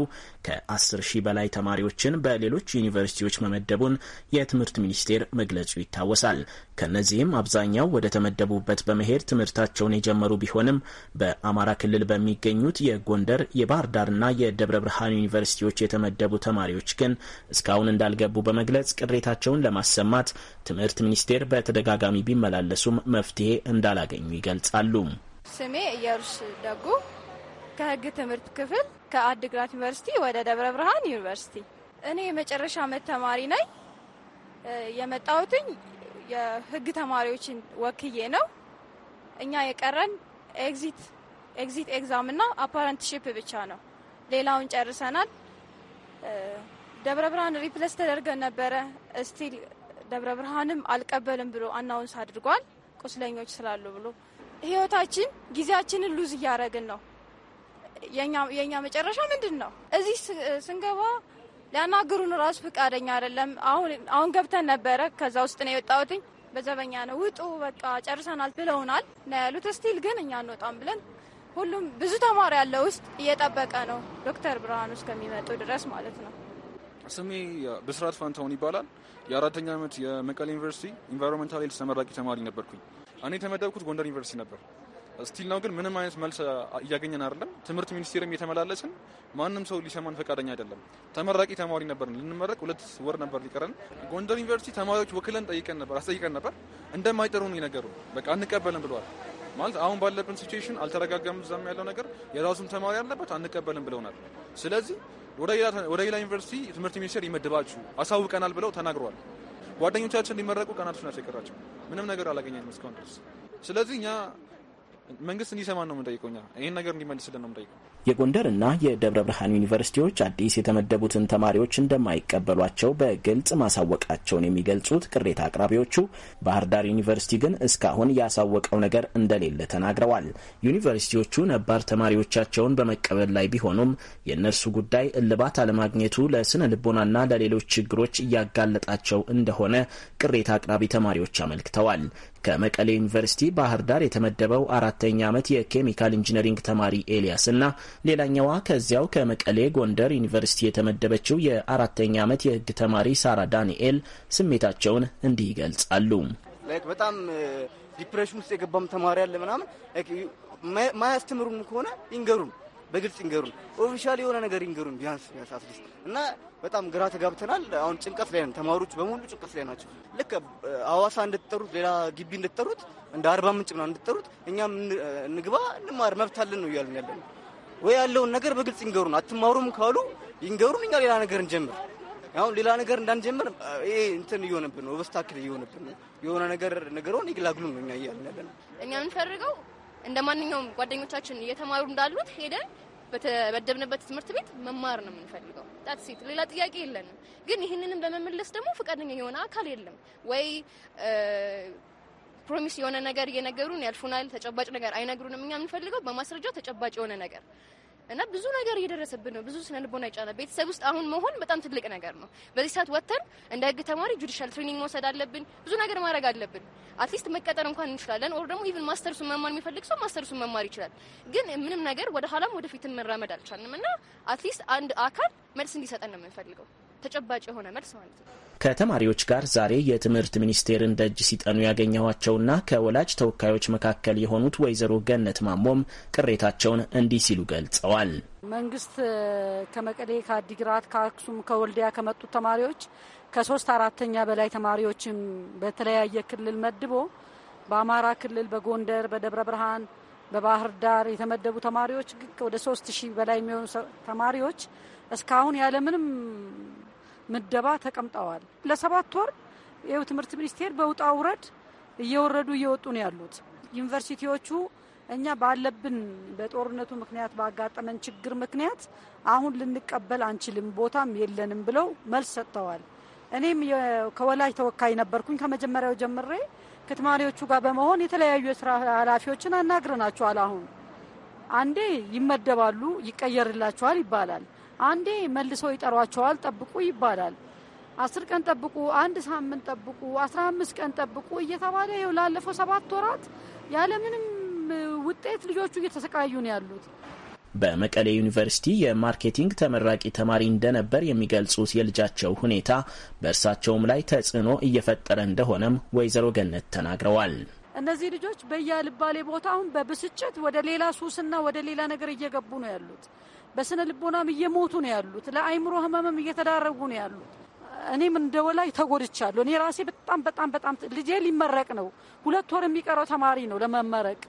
ከ10 ሺህ በላይ ተማሪዎችን በሌሎች ዩኒቨርሲቲዎች መመደቡን የትምህርት ሚኒስቴር መግለጹ ይታወሳል። ከእነዚህም አብዛኛው ወደ ተመደቡበት በመሄድ ትምህርታቸውን የጀመሩ ቢሆንም በአማራ ክልል በሚገኙት የጎንደር የባህር ዳርና የደብረ ብርሃን ዩኒቨርሲቲዎች የተመደቡ ተማሪዎች ግን እስካሁን እንዳልገቡ በመግለጽ ቅሬታቸውን ለማሰማት ትምህርት ሚኒስቴር በተደጋጋሚ ቢመላለሱም መፍትሄ እንዳላገኙ ይገልጻሉ። ስሜ ኢየሩስ ደጉ ከህግ ትምህርት ክፍል ከአድግራት ዩኒቨርሲቲ ወደ ደብረ ብርሃን ዩኒቨርሲቲ እኔ የመጨረሻ አመት ተማሪ ነኝ። የመጣሁትኝ የህግ ተማሪዎችን ወክዬ ነው። እኛ የቀረን ኤግዚት ኤግዚት ኤግዛም ና አፓረንትሽፕ ብቻ ነው። ሌላውን ጨርሰናል። ደብረ ብርሃን ሪፕለስ ተደርገን ነበረ። እስቲል ደብረ ብርሃንም አልቀበልም ብሎ አናውንስ አድርጓል። ቁስለኞች ስላሉ ብሎ ህይወታችን ጊዜያችንን ሉዝ እያደረግን ነው። የእኛ መጨረሻ ምንድን ነው? እዚህ ስንገባ ሊያናግሩን ራሱ ፈቃደኛ አይደለም። አሁን ገብተን ነበረ። ከዛ ውስጥ ነው የወጣሁትኝ። በዘበኛ ነው ውጡ፣ በቃ ጨርሰናል ብለውናል ነው ያሉት። ስቲል ግን እኛ እንወጣም ብለን ሁሉም ብዙ ተማሪ ያለ ውስጥ እየጠበቀ ነው ዶክተር ብርሃኑ እስከሚመጡ ድረስ ማለት ነው። ስሜ ብስራት ፋንታውን ይባላል። የአራተኛ ዓመት የመቀሌ ዩኒቨርሲቲ ኢንቫይሮንመንታል ሄልስ ተመራቂ ተማሪ ነበርኩኝ። እኔ የተመደብኩት ጎንደር ዩኒቨርሲቲ ነበር። ስቲል ነው ግን ምንም አይነት መልስ እያገኘን አይደለም። ትምህርት ሚኒስቴርም የተመላለስን ማንም ሰው ሊሰማን ፈቃደኛ አይደለም። ተመራቂ ተማሪ ነበርን። ልንመረቅ ሁለት ወር ነበር ሊቀረን። ጎንደር ዩኒቨርሲቲ ተማሪዎች ወክለን ጠይቀን ነበር አስጠይቀን ነበር ነው የነገሩ በቃ አንቀበልም ብለዋል። ማለት አሁን ባለብን ሲቹዌሽን አልተረጋጋም። እዛም ያለው ነገር የራሱም ተማሪ ያለበት አንቀበልም ብለውናል። ስለዚህ ወደ ሌላ ዩኒቨርሲቲ ትምህርት ሚኒስቴር ይመድባችሁ አሳውቀናል ብለው ተናግረዋል። ጓደኞቻችን እንዲመረቁ ቀናቶች ናቸው የቀራቸው። ምንም ነገር አላገኘንም እስካሁን ድረስ። ስለዚህ እኛ መንግስት እንዲሰማን ነው የምንጠይቀው። እኛ ይህን ነገር እንዲመልስልን ነው የምንጠይቀው። የጎንደርና የደብረ ብርሃን ዩኒቨርሲቲዎች አዲስ የተመደቡትን ተማሪዎች እንደማይቀበሏቸው በግልጽ ማሳወቃቸውን የሚገልጹት ቅሬታ አቅራቢዎቹ ባህር ዳር ዩኒቨርሲቲ ግን እስካሁን ያሳወቀው ነገር እንደሌለ ተናግረዋል። ዩኒቨርሲቲዎቹ ነባር ተማሪዎቻቸውን በመቀበል ላይ ቢሆኑም የእነርሱ ጉዳይ እልባት አለማግኘቱ ለስነ ልቦናና ለሌሎች ችግሮች እያጋለጣቸው እንደሆነ ቅሬታ አቅራቢ ተማሪዎች አመልክተዋል። ከመቀሌ ዩኒቨርሲቲ ባህር ዳር የተመደበው አራተኛ ዓመት የኬሚካል ኢንጂነሪንግ ተማሪ ኤልያስና ሌላኛዋ ከዚያው ከመቀሌ ጎንደር ዩኒቨርሲቲ የተመደበችው የአራተኛ ዓመት የህግ ተማሪ ሳራ ዳንኤል ስሜታቸውን እንዲህ ይገልጻሉ። በጣም ዲፕሬሽን ውስጥ የገባም ተማሪ ያለ ምናምን ማያስተምሩም ከሆነ ይንገሩን፣ በግልጽ ይንገሩን፣ ኦፊሻል የሆነ ነገር ይንገሩን ቢያንስ ቢያንስ አትሊስት እና በጣም ግራ ተጋብተናል። አሁን ጭንቀት ላይ ነን። ተማሪዎች በሙሉ ጭንቀት ላይ ናቸው። ልክ አዋሳ እንደተጠሩት ሌላ ግቢ እንደተጠሩት እንደ አርባ ምንጭ ምናምን እንደተጠሩት እኛም እንግባ እንማር መብት አለን ነው እያሉን ያለ ወይ ያለውን ነገር በግልጽ ይንገሩን። አትማሩም ካሉ ይንገሩን፣ እኛ ሌላ ነገር እንጀምር። አሁን ሌላ ነገር እንዳንጀምር ይሄ እንትን እየሆነብን ነው፣ ኦብስታክል እየሆነብን ነው። የሆነ ነገር ነገሩን ይግላግሉን ነው እኛ እያልን ያለ ነው። እኛ የምንፈልገው እንደ ማንኛውም ጓደኞቻችን እየተማሩ እንዳሉት ሄደን በተበደብንበት ትምህርት ቤት መማር ነው የምንፈልገው። ጣትሴት ሌላ ጥያቄ የለንም። ግን ይህንንም ለመመለስ ደግሞ ፈቃደኛ የሆነ አካል የለም ወይ ፕሮሚስ የሆነ ነገር እየነገሩን ያልፉናል። ተጨባጭ ነገር አይነግሩንም። እኛ የምንፈልገው በማስረጃ ተጨባጭ የሆነ ነገር እና ብዙ ነገር እየደረሰብን ነው። ብዙ ስነ ልቦና ይጫና ቤተሰብ ውስጥ አሁን መሆን በጣም ትልቅ ነገር ነው። በዚህ ሰዓት ወጥተን እንደ ህግ ተማሪ ጁዲሻል ትሬኒንግ መውሰድ አለብን። ብዙ ነገር ማድረግ አለብን። አትሊስት መቀጠር እንኳን እንችላለን። ኦር ደግሞ ኢቭን ማስተርሱን መማር የሚፈልግ ሰው ማስተርሱን መማር ይችላል። ግን ምንም ነገር ወደ ኋላም ወደፊት መራመድ አልቻልንም እና አትሊስት አንድ አካል መልስ እንዲሰጠን ነው የምንፈልገው። ተጨባጭ የሆነ መልስ ማለት ነው። ከተማሪዎች ጋር ዛሬ የትምህርት ሚኒስቴርን ደጅ ሲጠኑ ያገኘኋቸውና ከወላጅ ተወካዮች መካከል የሆኑት ወይዘሮ ገነት ማሞም ቅሬታቸውን እንዲህ ሲሉ ገልጸዋል። መንግስት ከመቀሌ፣ ከአዲግራት፣ ከአክሱም፣ ከወልዲያ ከመጡት ተማሪዎች ከሶስት አራተኛ በላይ ተማሪዎችም በተለያየ ክልል መድቦ በአማራ ክልል በጎንደር፣ በደብረ ብርሃን፣ በባህር ዳር የተመደቡ ተማሪዎች ወደ ሶስት ሺህ በላይ የሚሆኑ ተማሪዎች እስካሁን ያለምንም ምደባ ተቀምጠዋል። ለሰባት ወር ይኸው ትምህርት ሚኒስቴር በውጣ ውረድ እየወረዱ እየወጡ ነው ያሉት ዩኒቨርሲቲዎቹ። እኛ ባለብን በጦርነቱ ምክንያት ባጋጠመን ችግር ምክንያት አሁን ልንቀበል አንችልም፣ ቦታም የለንም ብለው መልስ ሰጥተዋል። እኔም ከወላጅ ተወካይ ነበርኩኝ። ከመጀመሪያው ጀምሬ ከተማሪዎቹ ጋር በመሆን የተለያዩ የስራ ኃላፊዎችን አናግረናቸዋል። አሁን አንዴ ይመደባሉ፣ ይቀየርላቸዋል ይባላል። አንዴ መልሶ ይጠሯቸዋል። ጠብቁ ይባላል። አስር ቀን ጠብቁ፣ አንድ ሳምንት ጠብቁ፣ አስራ አምስት ቀን ጠብቁ እየተባለ ይኸው ላለፈው ሰባት ወራት ያለምንም ውጤት ልጆቹ እየተሰቃዩ ነው ያሉት። በመቀሌ ዩኒቨርሲቲ የማርኬቲንግ ተመራቂ ተማሪ እንደነበር የሚገልጹት የልጃቸው ሁኔታ በእርሳቸውም ላይ ተጽዕኖ እየፈጠረ እንደሆነም ወይዘሮ ገነት ተናግረዋል። እነዚህ ልጆች በያልባሌ ቦታ አሁን በብስጭት ወደ ሌላ ሱስና ወደ ሌላ ነገር እየገቡ ነው ያሉት። በስነ ልቦናም እየሞቱ ነው ያሉት። ለአይምሮ ህመምም እየተዳረጉ ነው ያሉት። እኔም እንደ ወላጅ ተጎድቻለሁ። እኔ ራሴ በጣም በጣም በጣም ልጄ ሊመረቅ ነው። ሁለት ወር የሚቀረው ተማሪ ነው ለመመረቅ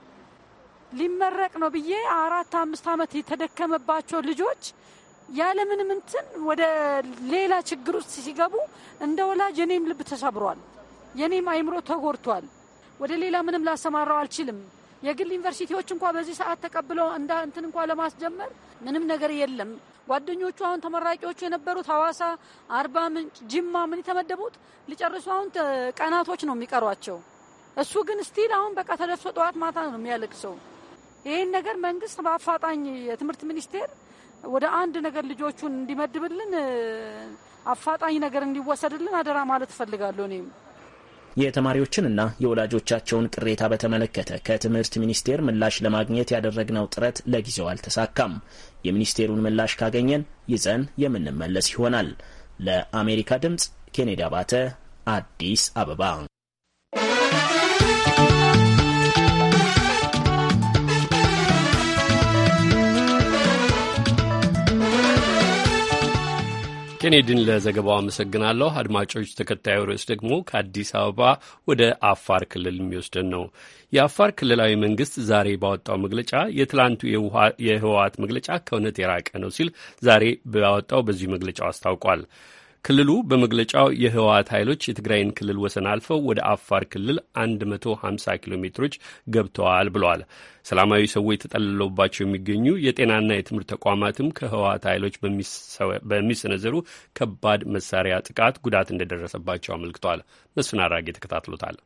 ሊመረቅ ነው ብዬ አራት አምስት ዓመት የተደከመባቸው ልጆች ያለምንም እንትን ወደ ሌላ ችግር ውስጥ ሲገቡ እንደ ወላጅ የኔም ልብ ተሰብሯል። የኔም አይምሮ ተጎድቷል። ወደ ሌላ ምንም ላሰማራው አልችልም። የግል ዩኒቨርሲቲዎች እንኳ በዚህ ሰዓት ተቀብለው እንዳ እንትን እንኳ ለማስጀመር ምንም ነገር የለም። ጓደኞቹ አሁን ተመራቂዎቹ የነበሩት ሐዋሳ፣ አርባ ምንጭ፣ ጅማ ምን የተመደቡት ሊጨርሱ አሁን ቀናቶች ነው የሚቀሯቸው። እሱ ግን ስቲል አሁን በቃ ተደፍሶ ጠዋት ማታ ነው የሚያለቅሰው። ይህን ነገር መንግስት በአፋጣኝ የትምህርት ሚኒስቴር ወደ አንድ ነገር ልጆቹን እንዲመድብልን አፋጣኝ ነገር እንዲወሰድልን አደራ ማለት እፈልጋለሁ እኔም የተማሪዎችንና የወላጆቻቸውን ቅሬታ በተመለከተ ከትምህርት ሚኒስቴር ምላሽ ለማግኘት ያደረግነው ጥረት ለጊዜው አልተሳካም። የሚኒስቴሩን ምላሽ ካገኘን ይዘን የምንመለስ ይሆናል። ለአሜሪካ ድምፅ ኬኔዲ አባተ አዲስ አበባ ጀኔድን ለዘገባው አመሰግናለሁ። አድማጮች፣ ተከታዩ ርዕስ ደግሞ ከአዲስ አበባ ወደ አፋር ክልል የሚወስደን ነው። የአፋር ክልላዊ መንግስት ዛሬ ባወጣው መግለጫ የትላንቱ የህወሓት መግለጫ ከእውነት የራቀ ነው ሲል ዛሬ ባወጣው በዚሁ መግለጫው አስታውቋል። ክልሉ በመግለጫው የህወሓት ኃይሎች የትግራይን ክልል ወሰን አልፈው ወደ አፋር ክልል 150 ኪሎ ሜትሮች ገብተዋል ብለዋል። ሰላማዊ ሰዎች ተጠልለውባቸው የሚገኙ የጤናና የትምህርት ተቋማትም ከህወሓት ኃይሎች በሚሰነዘሩ ከባድ መሳሪያ ጥቃት ጉዳት እንደደረሰባቸው አመልክቷል። መስፍን አራጌ ተከታትሎታል።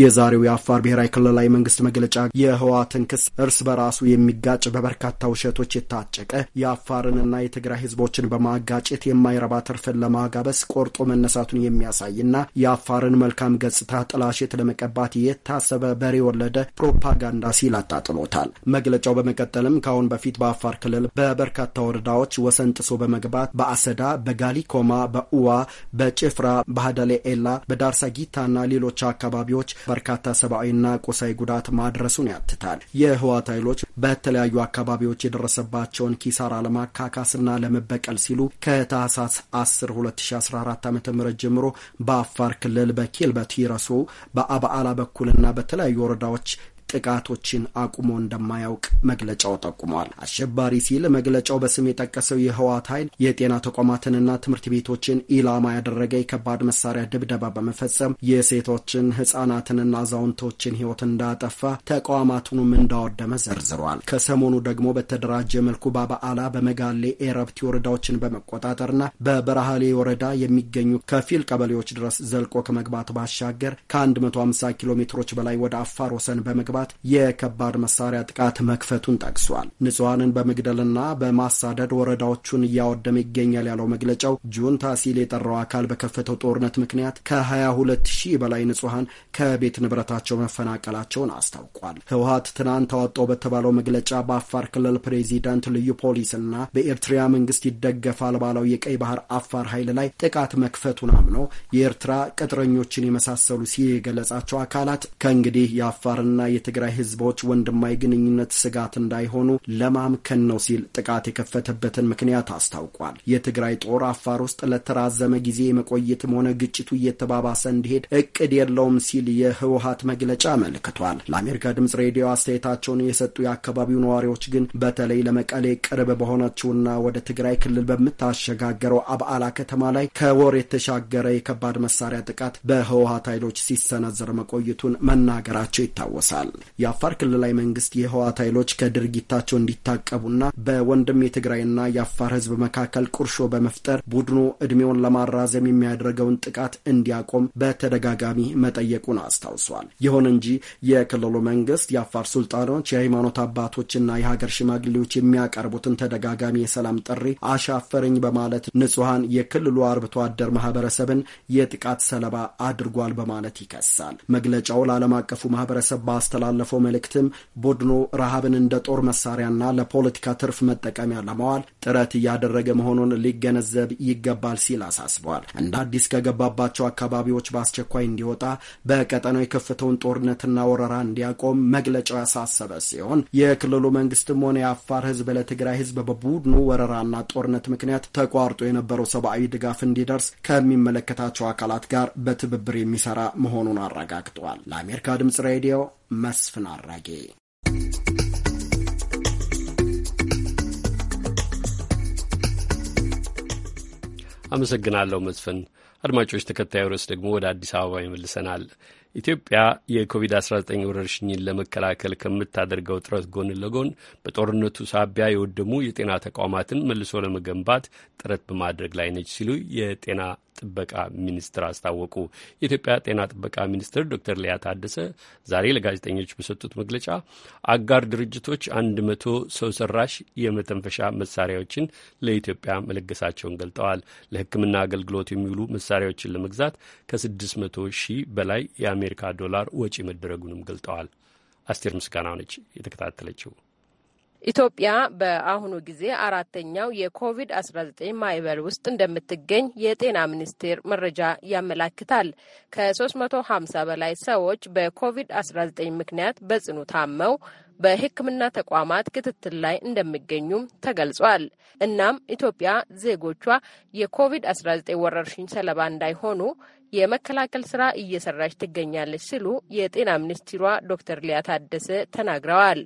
የዛሬው የአፋር ብሔራዊ ክልላዊ መንግስት መግለጫ የህወሓትን ክስ እርስ በራሱ የሚጋጭ በበርካታ ውሸቶች የታጨቀ የአፋርንና የትግራይ ህዝቦችን በማጋጨት የማይረባ ትርፍን ለማጋበስ ቆርጦ መነሳቱን የሚያሳይና የአፋርን መልካም ገጽታ ጥላሸት ለመቀባት የታሰበ በሬ ወለደ ፕሮፓጋንዳ ሲል አጣጥሎታል። መግለጫው በመቀጠልም ከአሁን በፊት በአፋር ክልል በበርካታ ወረዳዎች ወሰን ጥሶ በመግባት በአሰዳ፣ በጋሊኮማ፣ በኡዋ፣ በጭፍራ፣ በሀደሌ ኤላ፣ ጊታና ሌሎች አካባቢዎች በርካታ ሰብአዊና ቁሳዊ ጉዳት ማድረሱን ያትታል። የህወሓት ኃይሎች በተለያዩ አካባቢዎች የደረሰባቸውን ኪሳራ ለማካካስና ለመበቀል ሲሉ ከታህሳስ 10 2014 ዓ ም ጀምሮ በአፋር ክልል በኪልበቲ በአበአላ በኩልና በተለያዩ ወረዳዎች ጥቃቶችን አቁሞ እንደማያውቅ መግለጫው ጠቁሟል። አሸባሪ ሲል መግለጫው በስም የጠቀሰው የህወሓት ኃይል የጤና ተቋማትንና ትምህርት ቤቶችን ኢላማ ያደረገ የከባድ መሳሪያ ድብደባ በመፈጸም የሴቶችን ህጻናትንና አዛውንቶችን ህይወት እንዳጠፋ ተቋማቱንም እንዳወደመ ዘርዝሯል። ከሰሞኑ ደግሞ በተደራጀ መልኩ በበዓላ በመጋሌ፣ ኤረብቲ ወረዳዎችን በመቆጣጠርና በበረሃሌ ወረዳ የሚገኙ ከፊል ቀበሌዎች ድረስ ዘልቆ ከመግባት ባሻገር ከ150 ኪሎ ሜትሮች በላይ ወደ አፋር ወሰን በመግባት በመግባት የከባድ መሳሪያ ጥቃት መክፈቱን ጠቅሷል። ንጹሐንን በመግደልና በማሳደድ ወረዳዎቹን እያወደመ ይገኛል ያለው መግለጫው ጁንታ ሲል የጠራው አካል በከፈተው ጦርነት ምክንያት ከ22 ሺህ በላይ ንጹሐን ከቤት ንብረታቸው መፈናቀላቸውን አስታውቋል። ህወሀት ትናንት አወጣው በተባለው መግለጫ በአፋር ክልል ፕሬዚዳንት ልዩ ፖሊስና በኤርትራ መንግስት ይደገፋል ባለው የቀይ ባህር አፋር ኃይል ላይ ጥቃት መክፈቱን አምኖ የኤርትራ ቅጥረኞችን የመሳሰሉ ሲል የገለጻቸው አካላት ከእንግዲህ የአፋርና የትግራይ ህዝቦች ወንድማዊ ግንኙነት ስጋት እንዳይሆኑ ለማምከን ነው ሲል ጥቃት የከፈተበትን ምክንያት አስታውቋል። የትግራይ ጦር አፋር ውስጥ ለተራዘመ ጊዜ የመቆየትም ሆነ ግጭቱ እየተባባሰ እንዲሄድ እቅድ የለውም ሲል የህወሀት መግለጫ አመልክቷል። ለአሜሪካ ድምጽ ሬዲዮ አስተያየታቸውን የሰጡ የአካባቢው ነዋሪዎች ግን በተለይ ለመቀሌ ቅርብ በሆነችውና ወደ ትግራይ ክልል በምታሸጋገረው አብዓላ ከተማ ላይ ከወር የተሻገረ የከባድ መሳሪያ ጥቃት በህወሀት ኃይሎች ሲሰነዘር መቆየቱን መናገራቸው ይታወሳል። የአፋር ክልላዊ መንግስት የህወሓት ኃይሎች ከድርጊታቸው እንዲታቀቡና በወንድም የትግራይና የአፋር ህዝብ መካከል ቁርሾ በመፍጠር ቡድኑ እድሜውን ለማራዘም የሚያደርገውን ጥቃት እንዲያቆም በተደጋጋሚ መጠየቁን አስታውሷል። ይሁን እንጂ የክልሉ መንግስት የአፋር ሱልጣኖች፣ የሃይማኖት አባቶችና የሀገር ሽማግሌዎች የሚያቀርቡትን ተደጋጋሚ የሰላም ጥሪ አሻፈረኝ በማለት ንጹሐን የክልሉ አርብቶ አደር ማህበረሰብን የጥቃት ሰለባ አድርጓል በማለት ይከሳል። መግለጫው ለዓለም አቀፉ ማህበረሰብ በአስተላ ባስተላለፈው መልእክትም ቡድኑ ረሃብን እንደ ጦር መሳሪያና ለፖለቲካ ትርፍ መጠቀሚያ ለማዋል ጥረት እያደረገ መሆኑን ሊገነዘብ ይገባል ሲል አሳስበዋል። እንደ አዲስ ከገባባቸው አካባቢዎች በአስቸኳይ እንዲወጣ፣ በቀጠናው የከፍተውን ጦርነትና ወረራ እንዲያቆም መግለጫው ያሳሰበ ሲሆን የክልሉ መንግስትም ሆነ የአፋር ህዝብ ለትግራይ ህዝብ በቡድኑ ወረራና ጦርነት ምክንያት ተቋርጦ የነበረው ሰብአዊ ድጋፍ እንዲደርስ ከሚመለከታቸው አካላት ጋር በትብብር የሚሰራ መሆኑን አረጋግጧል። ለአሜሪካ ድምጽ ሬዲዮ መስፍን አራጌ። አመሰግናለሁ መስፍን። አድማጮች ተከታዩ ርዕስ ደግሞ ወደ አዲስ አበባ ይመልሰናል። ኢትዮጵያ የኮቪድ-19 ወረርሽኝን ለመከላከል ከምታደርገው ጥረት ጎን ለጎን በጦርነቱ ሳቢያ የወደሙ የጤና ተቋማትን መልሶ ለመገንባት ጥረት በማድረግ ላይ ነች ሲሉ የጤና ጥበቃ ሚኒስትር አስታወቁ። የኢትዮጵያ ጤና ጥበቃ ሚኒስትር ዶክተር ሊያ ታደሰ ዛሬ ለጋዜጠኞች በሰጡት መግለጫ አጋር ድርጅቶች አንድ መቶ ሰው ሰራሽ የመተንፈሻ መሳሪያዎችን ለኢትዮጵያ መለገሳቸውን ገልጠዋል። ለሕክምና አገልግሎት የሚውሉ መሳሪያዎችን ለመግዛት ከስድስት መቶ ሺህ በላይ የአሜሪካ ዶላር ወጪ መደረጉንም ገልጠዋል። አስቴር ምስጋና ነች የተከታተለችው። ኢትዮጵያ በአሁኑ ጊዜ አራተኛው የኮቪድ-19 ማዕበል ውስጥ እንደምትገኝ የጤና ሚኒስቴር መረጃ ያመላክታል። ከ350 በላይ ሰዎች በኮቪድ-19 ምክንያት በጽኑ ታመው በሕክምና ተቋማት ክትትል ላይ እንደሚገኙም ተገልጿል። እናም ኢትዮጵያ ዜጎቿ የኮቪድ-19 ወረርሽኝ ሰለባ እንዳይሆኑ የመከላከል ስራ እየሰራች ትገኛለች ሲሉ የጤና ሚኒስትሯ ዶክተር ሊያ ታደሰ ተናግረዋል።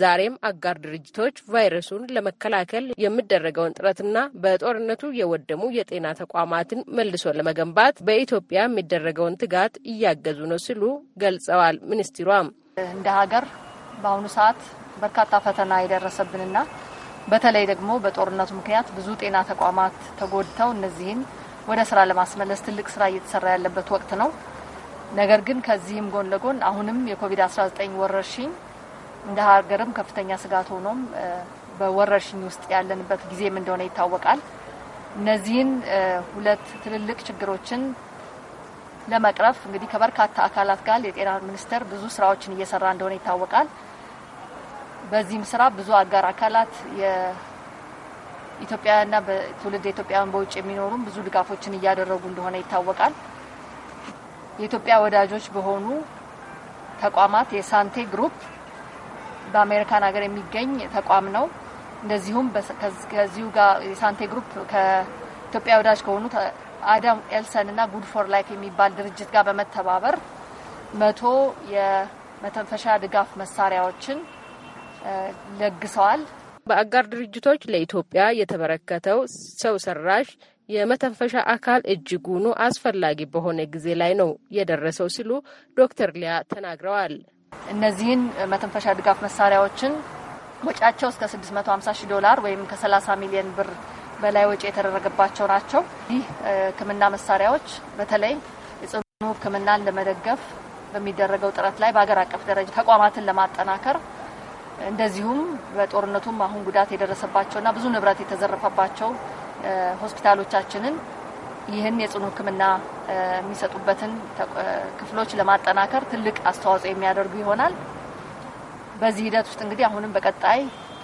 ዛሬም አጋር ድርጅቶች ቫይረሱን ለመከላከል የሚደረገውን ጥረትና በጦርነቱ የወደሙ የጤና ተቋማትን መልሶ ለመገንባት በኢትዮጵያ የሚደረገውን ትጋት እያገዙ ነው ሲሉ ገልጸዋል። ሚኒስትሯም እንደ ሀገር በአሁኑ ሰዓት በርካታ ፈተና የደረሰብንና በተለይ ደግሞ በጦርነቱ ምክንያት ብዙ ጤና ተቋማት ተጎድተው እነዚህን ወደ ስራ ለማስመለስ ትልቅ ስራ እየተሰራ ያለበት ወቅት ነው። ነገር ግን ከዚህም ጎን ለጎን አሁንም የኮቪድ-19 ወረርሽኝ እንደ ሀገርም ከፍተኛ ስጋት ሆኖም በወረርሽኝ ውስጥ ያለንበት ጊዜም እንደሆነ ይታወቃል። እነዚህን ሁለት ትልልቅ ችግሮችን ለመቅረፍ እንግዲህ ከበርካታ አካላት ጋር የጤና ሚኒስቴር ብዙ ስራዎችን እየሰራ እንደሆነ ይታወቃል። በዚህም ስራ ብዙ አጋር አካላት ኢትዮጵያና በትውልድ ኢትዮጵያውያን በውጭ የሚኖሩም ብዙ ድጋፎችን እያደረጉ እንደሆነ ይታወቃል። የኢትዮጵያ ወዳጆች በሆኑ ተቋማት የሳንቴ ግሩፕ በአሜሪካን ሀገር የሚገኝ ተቋም ነው። እንደዚሁም ከዚሁ ጋር የሳንቴ ግሩፕ ከኢትዮጵያ ወዳጅ ከሆኑ አዳም ኤልሰን እና ጉድ ፎር ላይፍ የሚባል ድርጅት ጋር በመተባበር መቶ የመተንፈሻ ድጋፍ መሳሪያዎችን ለግሰዋል። በአጋር ድርጅቶች ለኢትዮጵያ የተበረከተው ሰው ሰራሽ የመተንፈሻ አካል እጅጉኑ አስፈላጊ በሆነ ጊዜ ላይ ነው የደረሰው ሲሉ ዶክተር ሊያ ተናግረዋል። እነዚህን መተንፈሻ ድጋፍ መሳሪያዎችን ወጪያቸው እስከ 650 ሺህ ዶላር ወይም ከ30 ሚሊዮን ብር በላይ ወጪ የተደረገባቸው ናቸው። ይህ ሕክምና መሳሪያዎች በተለይ የጽኑ ሕክምናን ለመደገፍ በሚደረገው ጥረት ላይ በሀገር አቀፍ ደረጃ ተቋማትን ለማጠናከር እንደዚሁም በጦርነቱም አሁን ጉዳት የደረሰባቸውና ብዙ ንብረት የተዘረፈባቸው ሆስፒታሎቻችንን ይህን የጽኑ ሕክምና የሚሰጡበትን ክፍሎች ለማጠናከር ትልቅ አስተዋጽኦ የሚያደርጉ ይሆናል። በዚህ ሂደት ውስጥ እንግዲህ አሁንም በቀጣይ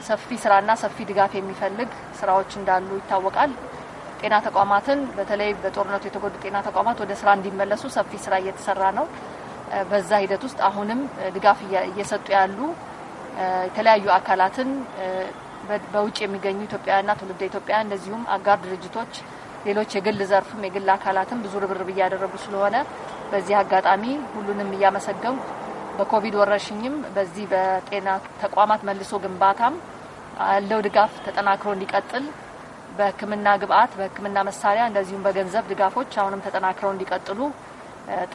ሰፊ ስራና ሰፊ ድጋፍ የሚፈልግ ስራዎች እንዳሉ ይታወቃል። ጤና ተቋማትን በተለይ በጦርነቱ የተጎዱ ጤና ተቋማት ወደ ስራ እንዲመለሱ ሰፊ ስራ እየተሰራ ነው። በዛ ሂደት ውስጥ አሁንም ድጋፍ እየሰጡ ያሉ የተለያዩ አካላትን በውጭ የሚገኙ ኢትዮጵያውያንና ትውልደ ኢትዮጵያ እንደዚሁም አጋር ድርጅቶች፣ ሌሎች የግል ዘርፍም የግል አካላትም ብዙ ርብርብ እያደረጉ ስለሆነ በዚህ አጋጣሚ ሁሉንም እያመሰገንኩ በኮቪድ ወረርሽኝም በዚህ በጤና ተቋማት መልሶ ግንባታም ያለው ድጋፍ ተጠናክሮ እንዲቀጥል በሕክምና ግብአት፣ በሕክምና መሳሪያ እንደዚሁም በገንዘብ ድጋፎች አሁንም ተጠናክረው እንዲቀጥሉ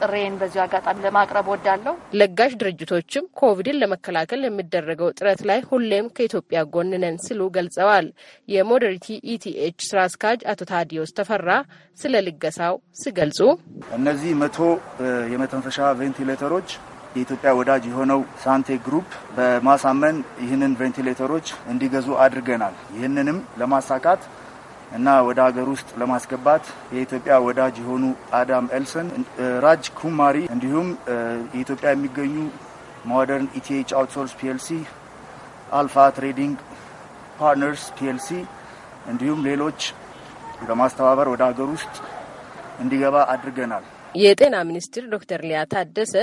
ጥሬን በዚሁ አጋጣሚ ለማቅረብ ወዳለው ለጋሽ ድርጅቶችም ኮቪድን ለመከላከል የሚደረገው ጥረት ላይ ሁሌም ከኢትዮጵያ ጎን ነን ሲሉ ገልጸዋል። የሞደሪቲ ኢቲኤች ስራ አስኪያጅ አቶ ታዲዮስ ተፈራ ስለ ልገሳው ሲገልጹ እነዚህ መቶ የመተንፈሻ ቬንቲሌተሮች የኢትዮጵያ ወዳጅ የሆነው ሳንቴ ግሩፕ በማሳመን ይህንን ቬንቲሌተሮች እንዲገዙ አድርገናል። ይህንንም ለማሳካት እና ወደ ሀገር ውስጥ ለማስገባት የኢትዮጵያ ወዳጅ የሆኑ አዳም ኤልሰን፣ ራጅ ኩማሪ እንዲሁም የኢትዮጵያ የሚገኙ ሞደርን ኢቲኤች አውትሶርስ ፒኤልሲ፣ አልፋ ትሬዲንግ ፓርትነርስ ፒኤልሲ እንዲሁም ሌሎች ለማስተባበር ወደ ሀገር ውስጥ እንዲገባ አድርገናል። የጤና ሚኒስትር ዶክተር ሊያ ታደሰ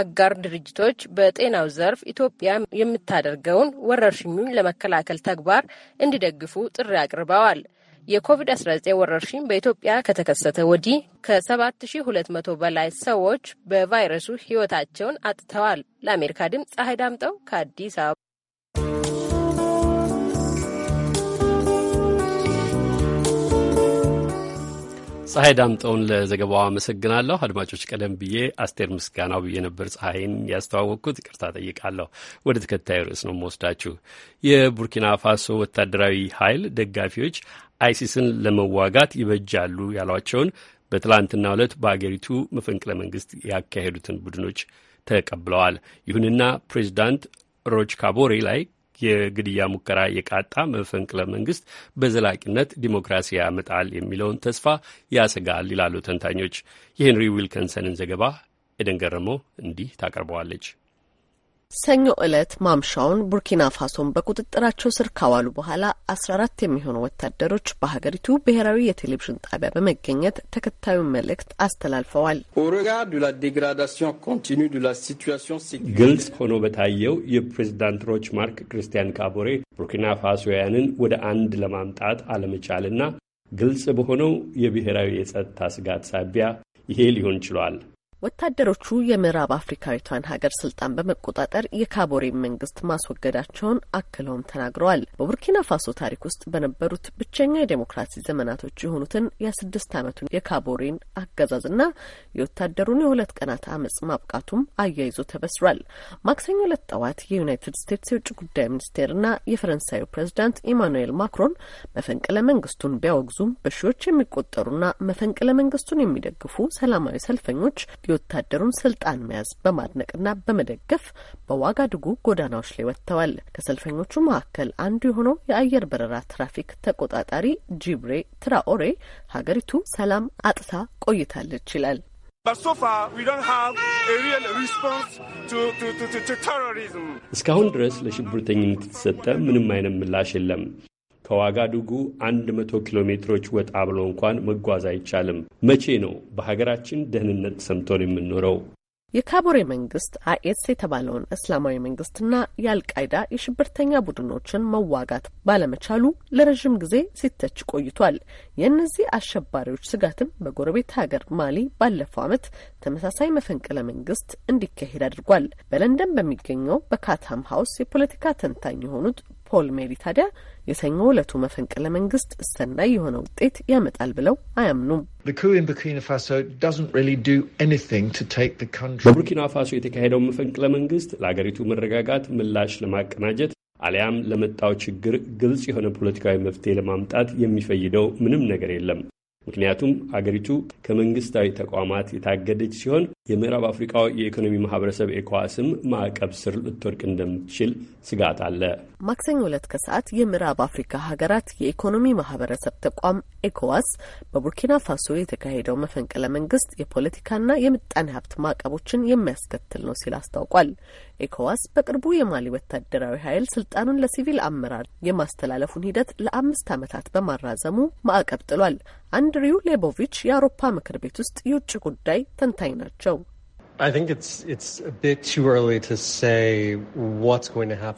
አጋር ድርጅቶች በጤናው ዘርፍ ኢትዮጵያ የምታደርገውን ወረርሽኙን ለመከላከል ተግባር እንዲደግፉ ጥሪ አቅርበዋል። የኮቪድ-19 ወረርሽኝ በኢትዮጵያ ከተከሰተ ወዲህ ከ7200 በላይ ሰዎች በቫይረሱ ሕይወታቸውን አጥተዋል። ለአሜሪካ ድምፅ ፀሐይ ዳምጠው ከአዲስ አበባ። ፀሐይ ዳምጠውን ለዘገባው አመሰግናለሁ። አድማጮች፣ ቀደም ብዬ አስቴር ምስጋናው ብዬ ነበር ፀሐይን ያስተዋወቅኩት፣ ይቅርታ ጠይቃለሁ። ወደ ተከታዩ ርዕስ ነው መወስዳችሁ። የቡርኪና ፋሶ ወታደራዊ ኃይል ደጋፊዎች አይሲስን ለመዋጋት ይበጃሉ ያሏቸውን በትላንትና ዕለት በአገሪቱ መፈንቅለ መንግስት ያካሄዱትን ቡድኖች ተቀብለዋል። ይሁንና ፕሬዚዳንት ሮች ካቦሬ ላይ የግድያ ሙከራ የቃጣ መፈንቅለ መንግስት በዘላቂነት ዲሞክራሲ ያመጣል የሚለውን ተስፋ ያሰጋል ይላሉ ተንታኞች። የሄንሪ ዊልከንሰንን ዘገባ ኤደን ገረመው እንዲህ ታቀርበዋለች። ሰኞ ዕለት ማምሻውን ቡርኪና ፋሶን በቁጥጥራቸው ስር ካዋሉ በኋላ አስራ አራት የሚሆኑ ወታደሮች በሀገሪቱ ብሔራዊ የቴሌቪዥን ጣቢያ በመገኘት ተከታዩን መልእክት አስተላልፈዋል። ግልጽ ሆኖ በታየው የፕሬዝዳንት ሮች ማርክ ክርስቲያን ካቦሬ ቡርኪና ፋሶውያንን ወደ አንድ ለማምጣት አለመቻልና ግልጽ በሆነው የብሔራዊ የጸጥታ ስጋት ሳቢያ ይሄ ሊሆን ችሏል። ወታደሮቹ የምዕራብ አፍሪካዊቷን ሀገር ስልጣን በመቆጣጠር የካቦሬ መንግስት ማስወገዳቸውን አክለውም ተናግረዋል። በቡርኪና ፋሶ ታሪክ ውስጥ በነበሩት ብቸኛ የዴሞክራሲ ዘመናቶች የሆኑትን የስድስት ዓመቱን የካቦሬን አገዛዝና የወታደሩን የሁለት ቀናት አመጽ ማብቃቱም አያይዞ ተበስሯል። ማክሰኞ ዕለት ጠዋት የዩናይትድ ስቴትስ የውጭ ጉዳይ ሚኒስቴርና የፈረንሳዩ ፕሬዚዳንት ኢማኑኤል ማክሮን መፈንቅለ መንግስቱን ቢያወግዙም በሺዎች የሚቆጠሩና መፈንቅለ መንግስቱን የሚደግፉ ሰላማዊ ሰልፈኞች የወታደሩን ስልጣን መያዝ በማድነቅና በመደገፍ በዋጋድጉ ጎዳናዎች ላይ ወጥተዋል። ከሰልፈኞቹ መካከል አንዱ የሆነው የአየር በረራ ትራፊክ ተቆጣጣሪ ጂብሬ ትራኦሬ ሀገሪቱ ሰላም አጥታ ቆይታለች ይላል። እስካሁን ድረስ ለሽብርተኝነት የተሰጠ ምንም አይነት ምላሽ የለም። ከዋጋዱጉ 100 ኪሎ ሜትሮች ወጣ ብሎ እንኳን መጓዝ አይቻልም። መቼ ነው በሀገራችን ደህንነት ተሰምቶን የምንኖረው? የካቦሬ መንግስት አይኤስ የተባለውን እስላማዊ መንግስትና የአልቃይዳ የሽብርተኛ ቡድኖችን መዋጋት ባለመቻሉ ለረዥም ጊዜ ሲተች ቆይቷል። የእነዚህ አሸባሪዎች ስጋትም በጎረቤት ሀገር ማሊ ባለፈው ዓመት ተመሳሳይ መፈንቅለ መንግስት እንዲካሄድ አድርጓል። በለንደን በሚገኘው በካታም ሀውስ የፖለቲካ ተንታኝ የሆኑት ፖል ሜሪ ታዲያ የሰኞ ዕለቱ መፈንቅለ መንግስት እሰናይ የሆነ ውጤት ያመጣል ብለው አያምኑም። በቡርኪና ፋሶ የተካሄደው መፈንቅለ መንግስት ለአገሪቱ መረጋጋት ምላሽ ለማቀናጀት አሊያም ለመጣው ችግር ግልጽ የሆነ ፖለቲካዊ መፍትሄ ለማምጣት የሚፈይደው ምንም ነገር የለም። ምክንያቱም አገሪቱ ከመንግስታዊ ተቋማት የታገደች ሲሆን የምዕራብ አፍሪካው የኢኮኖሚ ማህበረሰብ ኤኳዋስም ማዕቀብ ስር ልትወድቅ እንደምትችል ስጋት አለ። ማክሰኞ ዕለት ከሰዓት የምዕራብ አፍሪካ ሀገራት የኢኮኖሚ ማህበረሰብ ተቋም ኤኮዋስ በቡርኪና ፋሶ የተካሄደው መፈንቅለ መንግስት የፖለቲካና የምጣኔ ሀብት ማዕቀቦችን የሚያስከትል ነው ሲል አስታውቋል። ኤኮዋስ በቅርቡ የማሊ ወታደራዊ ኃይል ስልጣኑን ለሲቪል አመራር የማስተላለፉን ሂደት ለአምስት ዓመታት በማራዘሙ ማዕቀብ ጥሏል። አንድሪው ሌቦቪች የአውሮፓ ምክር ቤት ውስጥ የውጭ ጉዳይ ተንታኝ ናቸው።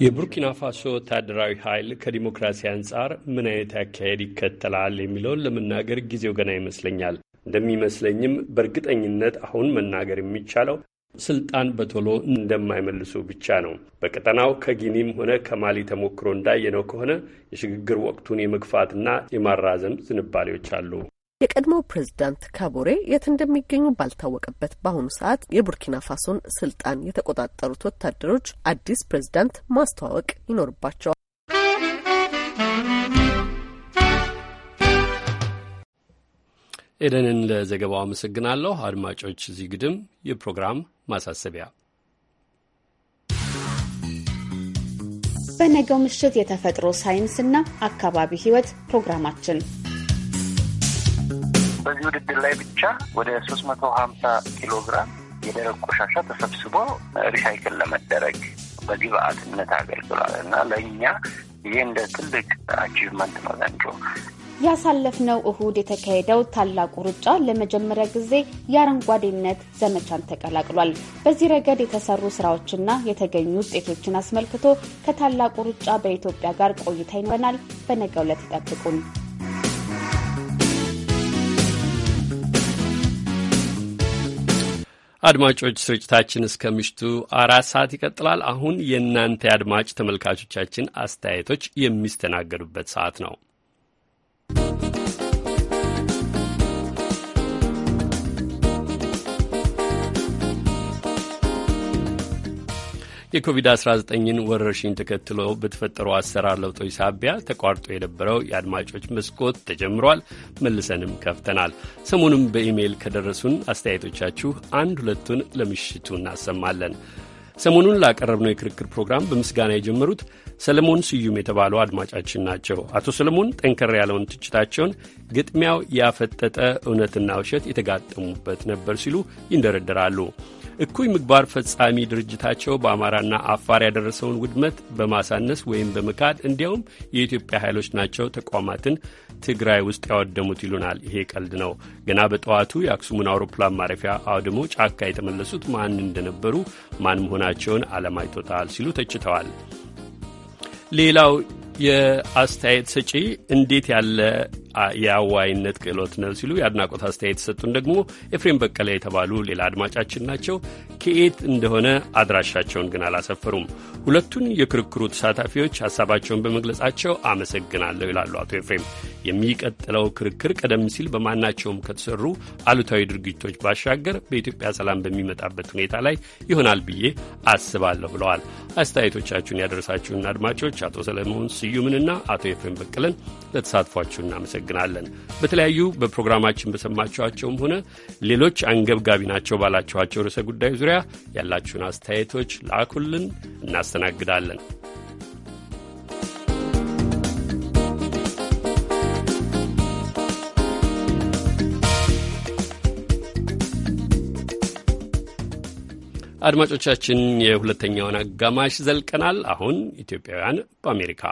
የቡርኪና ፋሶ ወታደራዊ ኃይል ከዲሞክራሲ አንጻር ምን አይነት አካሄድ ይከተላል የሚለውን ለመናገር ጊዜው ገና ይመስለኛል። እንደሚመስለኝም በእርግጠኝነት አሁን መናገር የሚቻለው ስልጣን በቶሎ እንደማይመልሱ ብቻ ነው። በቀጠናው ከጊኒም ሆነ ከማሊ ተሞክሮ እንዳየነው ከሆነ የሽግግር ወቅቱን የመግፋትና የማራዘም ዝንባሌዎች አሉ። የቀድሞው ፕሬዝዳንት ካቦሬ የት እንደሚገኙ ባልታወቀበት በአሁኑ ሰዓት የቡርኪና ፋሶን ስልጣን የተቆጣጠሩት ወታደሮች አዲስ ፕሬዝዳንት ማስተዋወቅ ይኖርባቸዋል። ኤደንን ለዘገባው አመሰግናለሁ። አድማጮች፣ እዚህ ግድም የፕሮግራም ማሳሰቢያ በነገው ምሽት የተፈጥሮ ሳይንስና አካባቢ ህይወት ፕሮግራማችን በዚህ ውድድር ላይ ብቻ ወደ 350 ኪሎ ግራም የደረቅ ቆሻሻ ተሰብስቦ ሪሳይክል ለመደረግ በግብአትነት አገልግሏል እና ለእኛ ይህ እንደ ትልቅ አቺቭመንት ነው ዘንድሮ ያሳለፍነው እሁድ የተካሄደው ታላቁ ሩጫ ለመጀመሪያ ጊዜ የአረንጓዴነት ዘመቻን ተቀላቅሏል። በዚህ ረገድ የተሰሩ ስራዎችና የተገኙ ውጤቶችን አስመልክቶ ከታላቁ ሩጫ በኢትዮጵያ ጋር ቆይታ ይኖረናል። በነገ ዕለት ይጠብቁን። አድማጮች ስርጭታችን እስከ ምሽቱ አራት ሰዓት ይቀጥላል። አሁን የእናንተ የአድማጭ ተመልካቾቻችን አስተያየቶች የሚስተናገዱበት ሰዓት ነው። የኮቪድ-19ን ወረርሽኝ ተከትሎ በተፈጠሩ አሰራር ለውጦች ሳቢያ ተቋርጦ የነበረው የአድማጮች መስኮት ተጀምሯል። መልሰንም ከፍተናል። ሰሞኑም በኢሜይል ከደረሱን አስተያየቶቻችሁ አንድ ሁለቱን ለምሽቱ እናሰማለን። ሰሞኑን ላቀረብነው የክርክር ፕሮግራም በምስጋና የጀመሩት ሰለሞን ስዩም የተባሉ አድማጫችን ናቸው። አቶ ሰለሞን ጠንከር ያለውን ትችታቸውን ግጥሚያው ያፈጠጠ እውነትና ውሸት የተጋጠሙበት ነበር ሲሉ ይንደረደራሉ። እኩይ ምግባር ፈጻሚ ድርጅታቸው በአማራና አፋር ያደረሰውን ውድመት በማሳነስ ወይም በመካድ እንዲያውም የኢትዮጵያ ኃይሎች ናቸው ተቋማትን ትግራይ ውስጥ ያወደሙት ይሉናል። ይሄ ቀልድ ነው። ገና በጠዋቱ የአክሱሙን አውሮፕላን ማረፊያ አውድሞ ጫካ የተመለሱት ማን እንደነበሩ ማን መሆናቸውን ዓለም አይቶታል ሲሉ ተችተዋል። ሌላው የአስተያየት ሰጪ እንዴት ያለ የአዋይነት ክህሎት ነው ሲሉ የአድናቆት አስተያየት ሰጡን ደግሞ ኤፍሬም በቀለ የተባሉ ሌላ አድማጫችን ናቸው። ከየት እንደሆነ አድራሻቸውን ግን አላሰፈሩም። ሁለቱን የክርክሩ ተሳታፊዎች ሀሳባቸውን በመግለጻቸው አመሰግናለሁ ይላሉ አቶ ኤፍሬም። የሚቀጥለው ክርክር ቀደም ሲል በማናቸውም ከተሰሩ አሉታዊ ድርጊቶች ባሻገር በኢትዮጵያ ሰላም በሚመጣበት ሁኔታ ላይ ይሆናል ብዬ አስባለሁ ብለዋል። አስተያየቶቻችሁን ያደረሳችሁን አድማጮች አቶ ሰለሞን ስዩምንና አቶ ኤፍሬም በቀለን ለተሳትፏችሁ እናመሰግናለን። በተለያዩ በፕሮግራማችን በሰማችኋቸውም ሆነ ሌሎች አንገብጋቢ ናቸው ባላችኋቸው ርዕሰ ጉዳይ ዙሪያ ያላችሁን አስተያየቶች ላኩልን፣ እናስተናግዳለን። አድማጮቻችን፣ የሁለተኛውን አጋማሽ ዘልቀናል። አሁን ኢትዮጵያውያን በአሜሪካ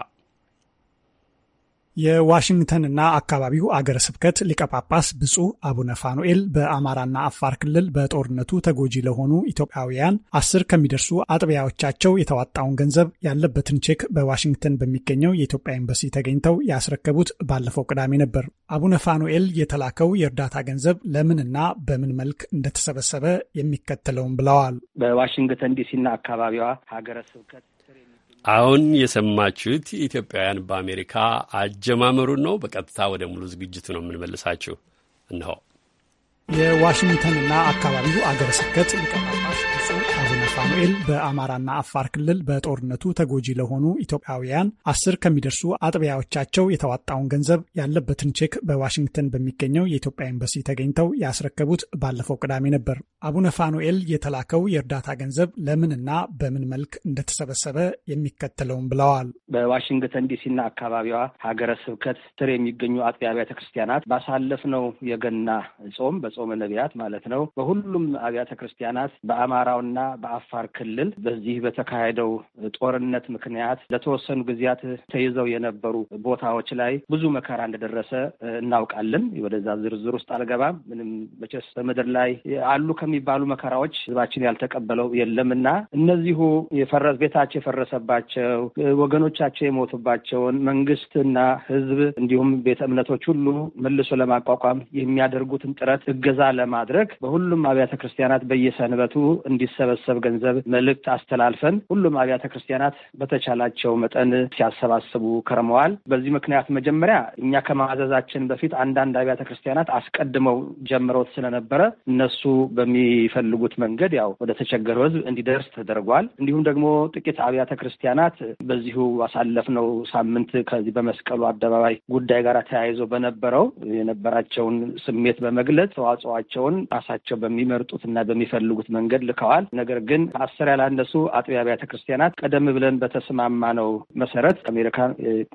የዋሽንግተንና አካባቢው አገረ ስብከት ሊቀጳጳስ ብፁዕ አቡነ ፋኑኤል በአማራና አፋር ክልል በጦርነቱ ተጎጂ ለሆኑ ኢትዮጵያውያን አስር ከሚደርሱ አጥቢያዎቻቸው የተዋጣውን ገንዘብ ያለበትን ቼክ በዋሽንግተን በሚገኘው የኢትዮጵያ ኤምባሲ ተገኝተው ያስረከቡት ባለፈው ቅዳሜ ነበር። አቡነ ፋኑኤል የተላከው የእርዳታ ገንዘብ ለምንና በምን መልክ እንደተሰበሰበ የሚከተለውም ብለዋል። በዋሽንግተን ዲሲና አካባቢዋ ሀገረ ስብከት አሁን የሰማችሁት ኢትዮጵያውያን በአሜሪካ አጀማመሩን ነው። በቀጥታ ወደ ሙሉ ዝግጅቱ ነው የምንመልሳችሁ። እንሆ የዋሽንግተንና አካባቢው አገረ ስብከት ሊቀ ጳጳስ ብፁዕ ፋኑኤል በአማራና አፋር ክልል በጦርነቱ ተጎጂ ለሆኑ ኢትዮጵያውያን አስር ከሚደርሱ አጥቢያዎቻቸው የተዋጣውን ገንዘብ ያለበትን ቼክ በዋሽንግተን በሚገኘው የኢትዮጵያ ኤምባሲ ተገኝተው ያስረከቡት ባለፈው ቅዳሜ ነበር። አቡነ ፋኑኤል የተላከው የእርዳታ ገንዘብ ለምንና በምን መልክ እንደተሰበሰበ የሚከተለውን ብለዋል። በዋሽንግተን ዲሲና አካባቢዋ ሀገረ ስብከት ስር የሚገኙ አጥቢያ አብያተ ክርስቲያናት ባሳለፍነው የገና ጾም በጾመ ነቢያት ማለት ነው በሁሉም አብያተ ክርስቲያናት በአማራውና በአ በአፋር ክልል በዚህ በተካሄደው ጦርነት ምክንያት ለተወሰኑ ጊዜያት ተይዘው የነበሩ ቦታዎች ላይ ብዙ መከራ እንደደረሰ እናውቃለን። ወደዛ ዝርዝር ውስጥ አልገባም። ምንም መቼስ በምድር ላይ አሉ ከሚባሉ መከራዎች ህዝባችን ያልተቀበለው የለም እና እነዚሁ የፈረስ ቤታቸው የፈረሰባቸው ወገኖቻቸው የሞቱባቸውን መንግስትና ህዝብ እንዲሁም ቤተ እምነቶች ሁሉ መልሶ ለማቋቋም የሚያደርጉትን ጥረት እገዛ ለማድረግ በሁሉም አብያተ ክርስቲያናት በየሰንበቱ እንዲሰበሰብ ገንዘብ መልእክት አስተላልፈን ሁሉም አብያተ ክርስቲያናት በተቻላቸው መጠን ሲያሰባስቡ ከርመዋል። በዚህ ምክንያት መጀመሪያ እኛ ከማዘዛችን በፊት አንዳንድ አብያተ ክርስቲያናት አስቀድመው ጀምረውት ስለነበረ እነሱ በሚፈልጉት መንገድ ያው ወደ ተቸገረው ህዝብ እንዲደርስ ተደርጓል። እንዲሁም ደግሞ ጥቂት አብያተ ክርስቲያናት በዚሁ ባሳለፍነው ሳምንት ከዚህ በመስቀሉ አደባባይ ጉዳይ ጋር ተያይዞ በነበረው የነበራቸውን ስሜት በመግለጽ ተዋጽዋቸውን ራሳቸው በሚመርጡት እና በሚፈልጉት መንገድ ልከዋል። ነገር ግን ግን አስር ያላነሱ አጥቢያ አብያተ ክርስቲያናት ቀደም ብለን በተስማማነው መሰረት አሜሪካ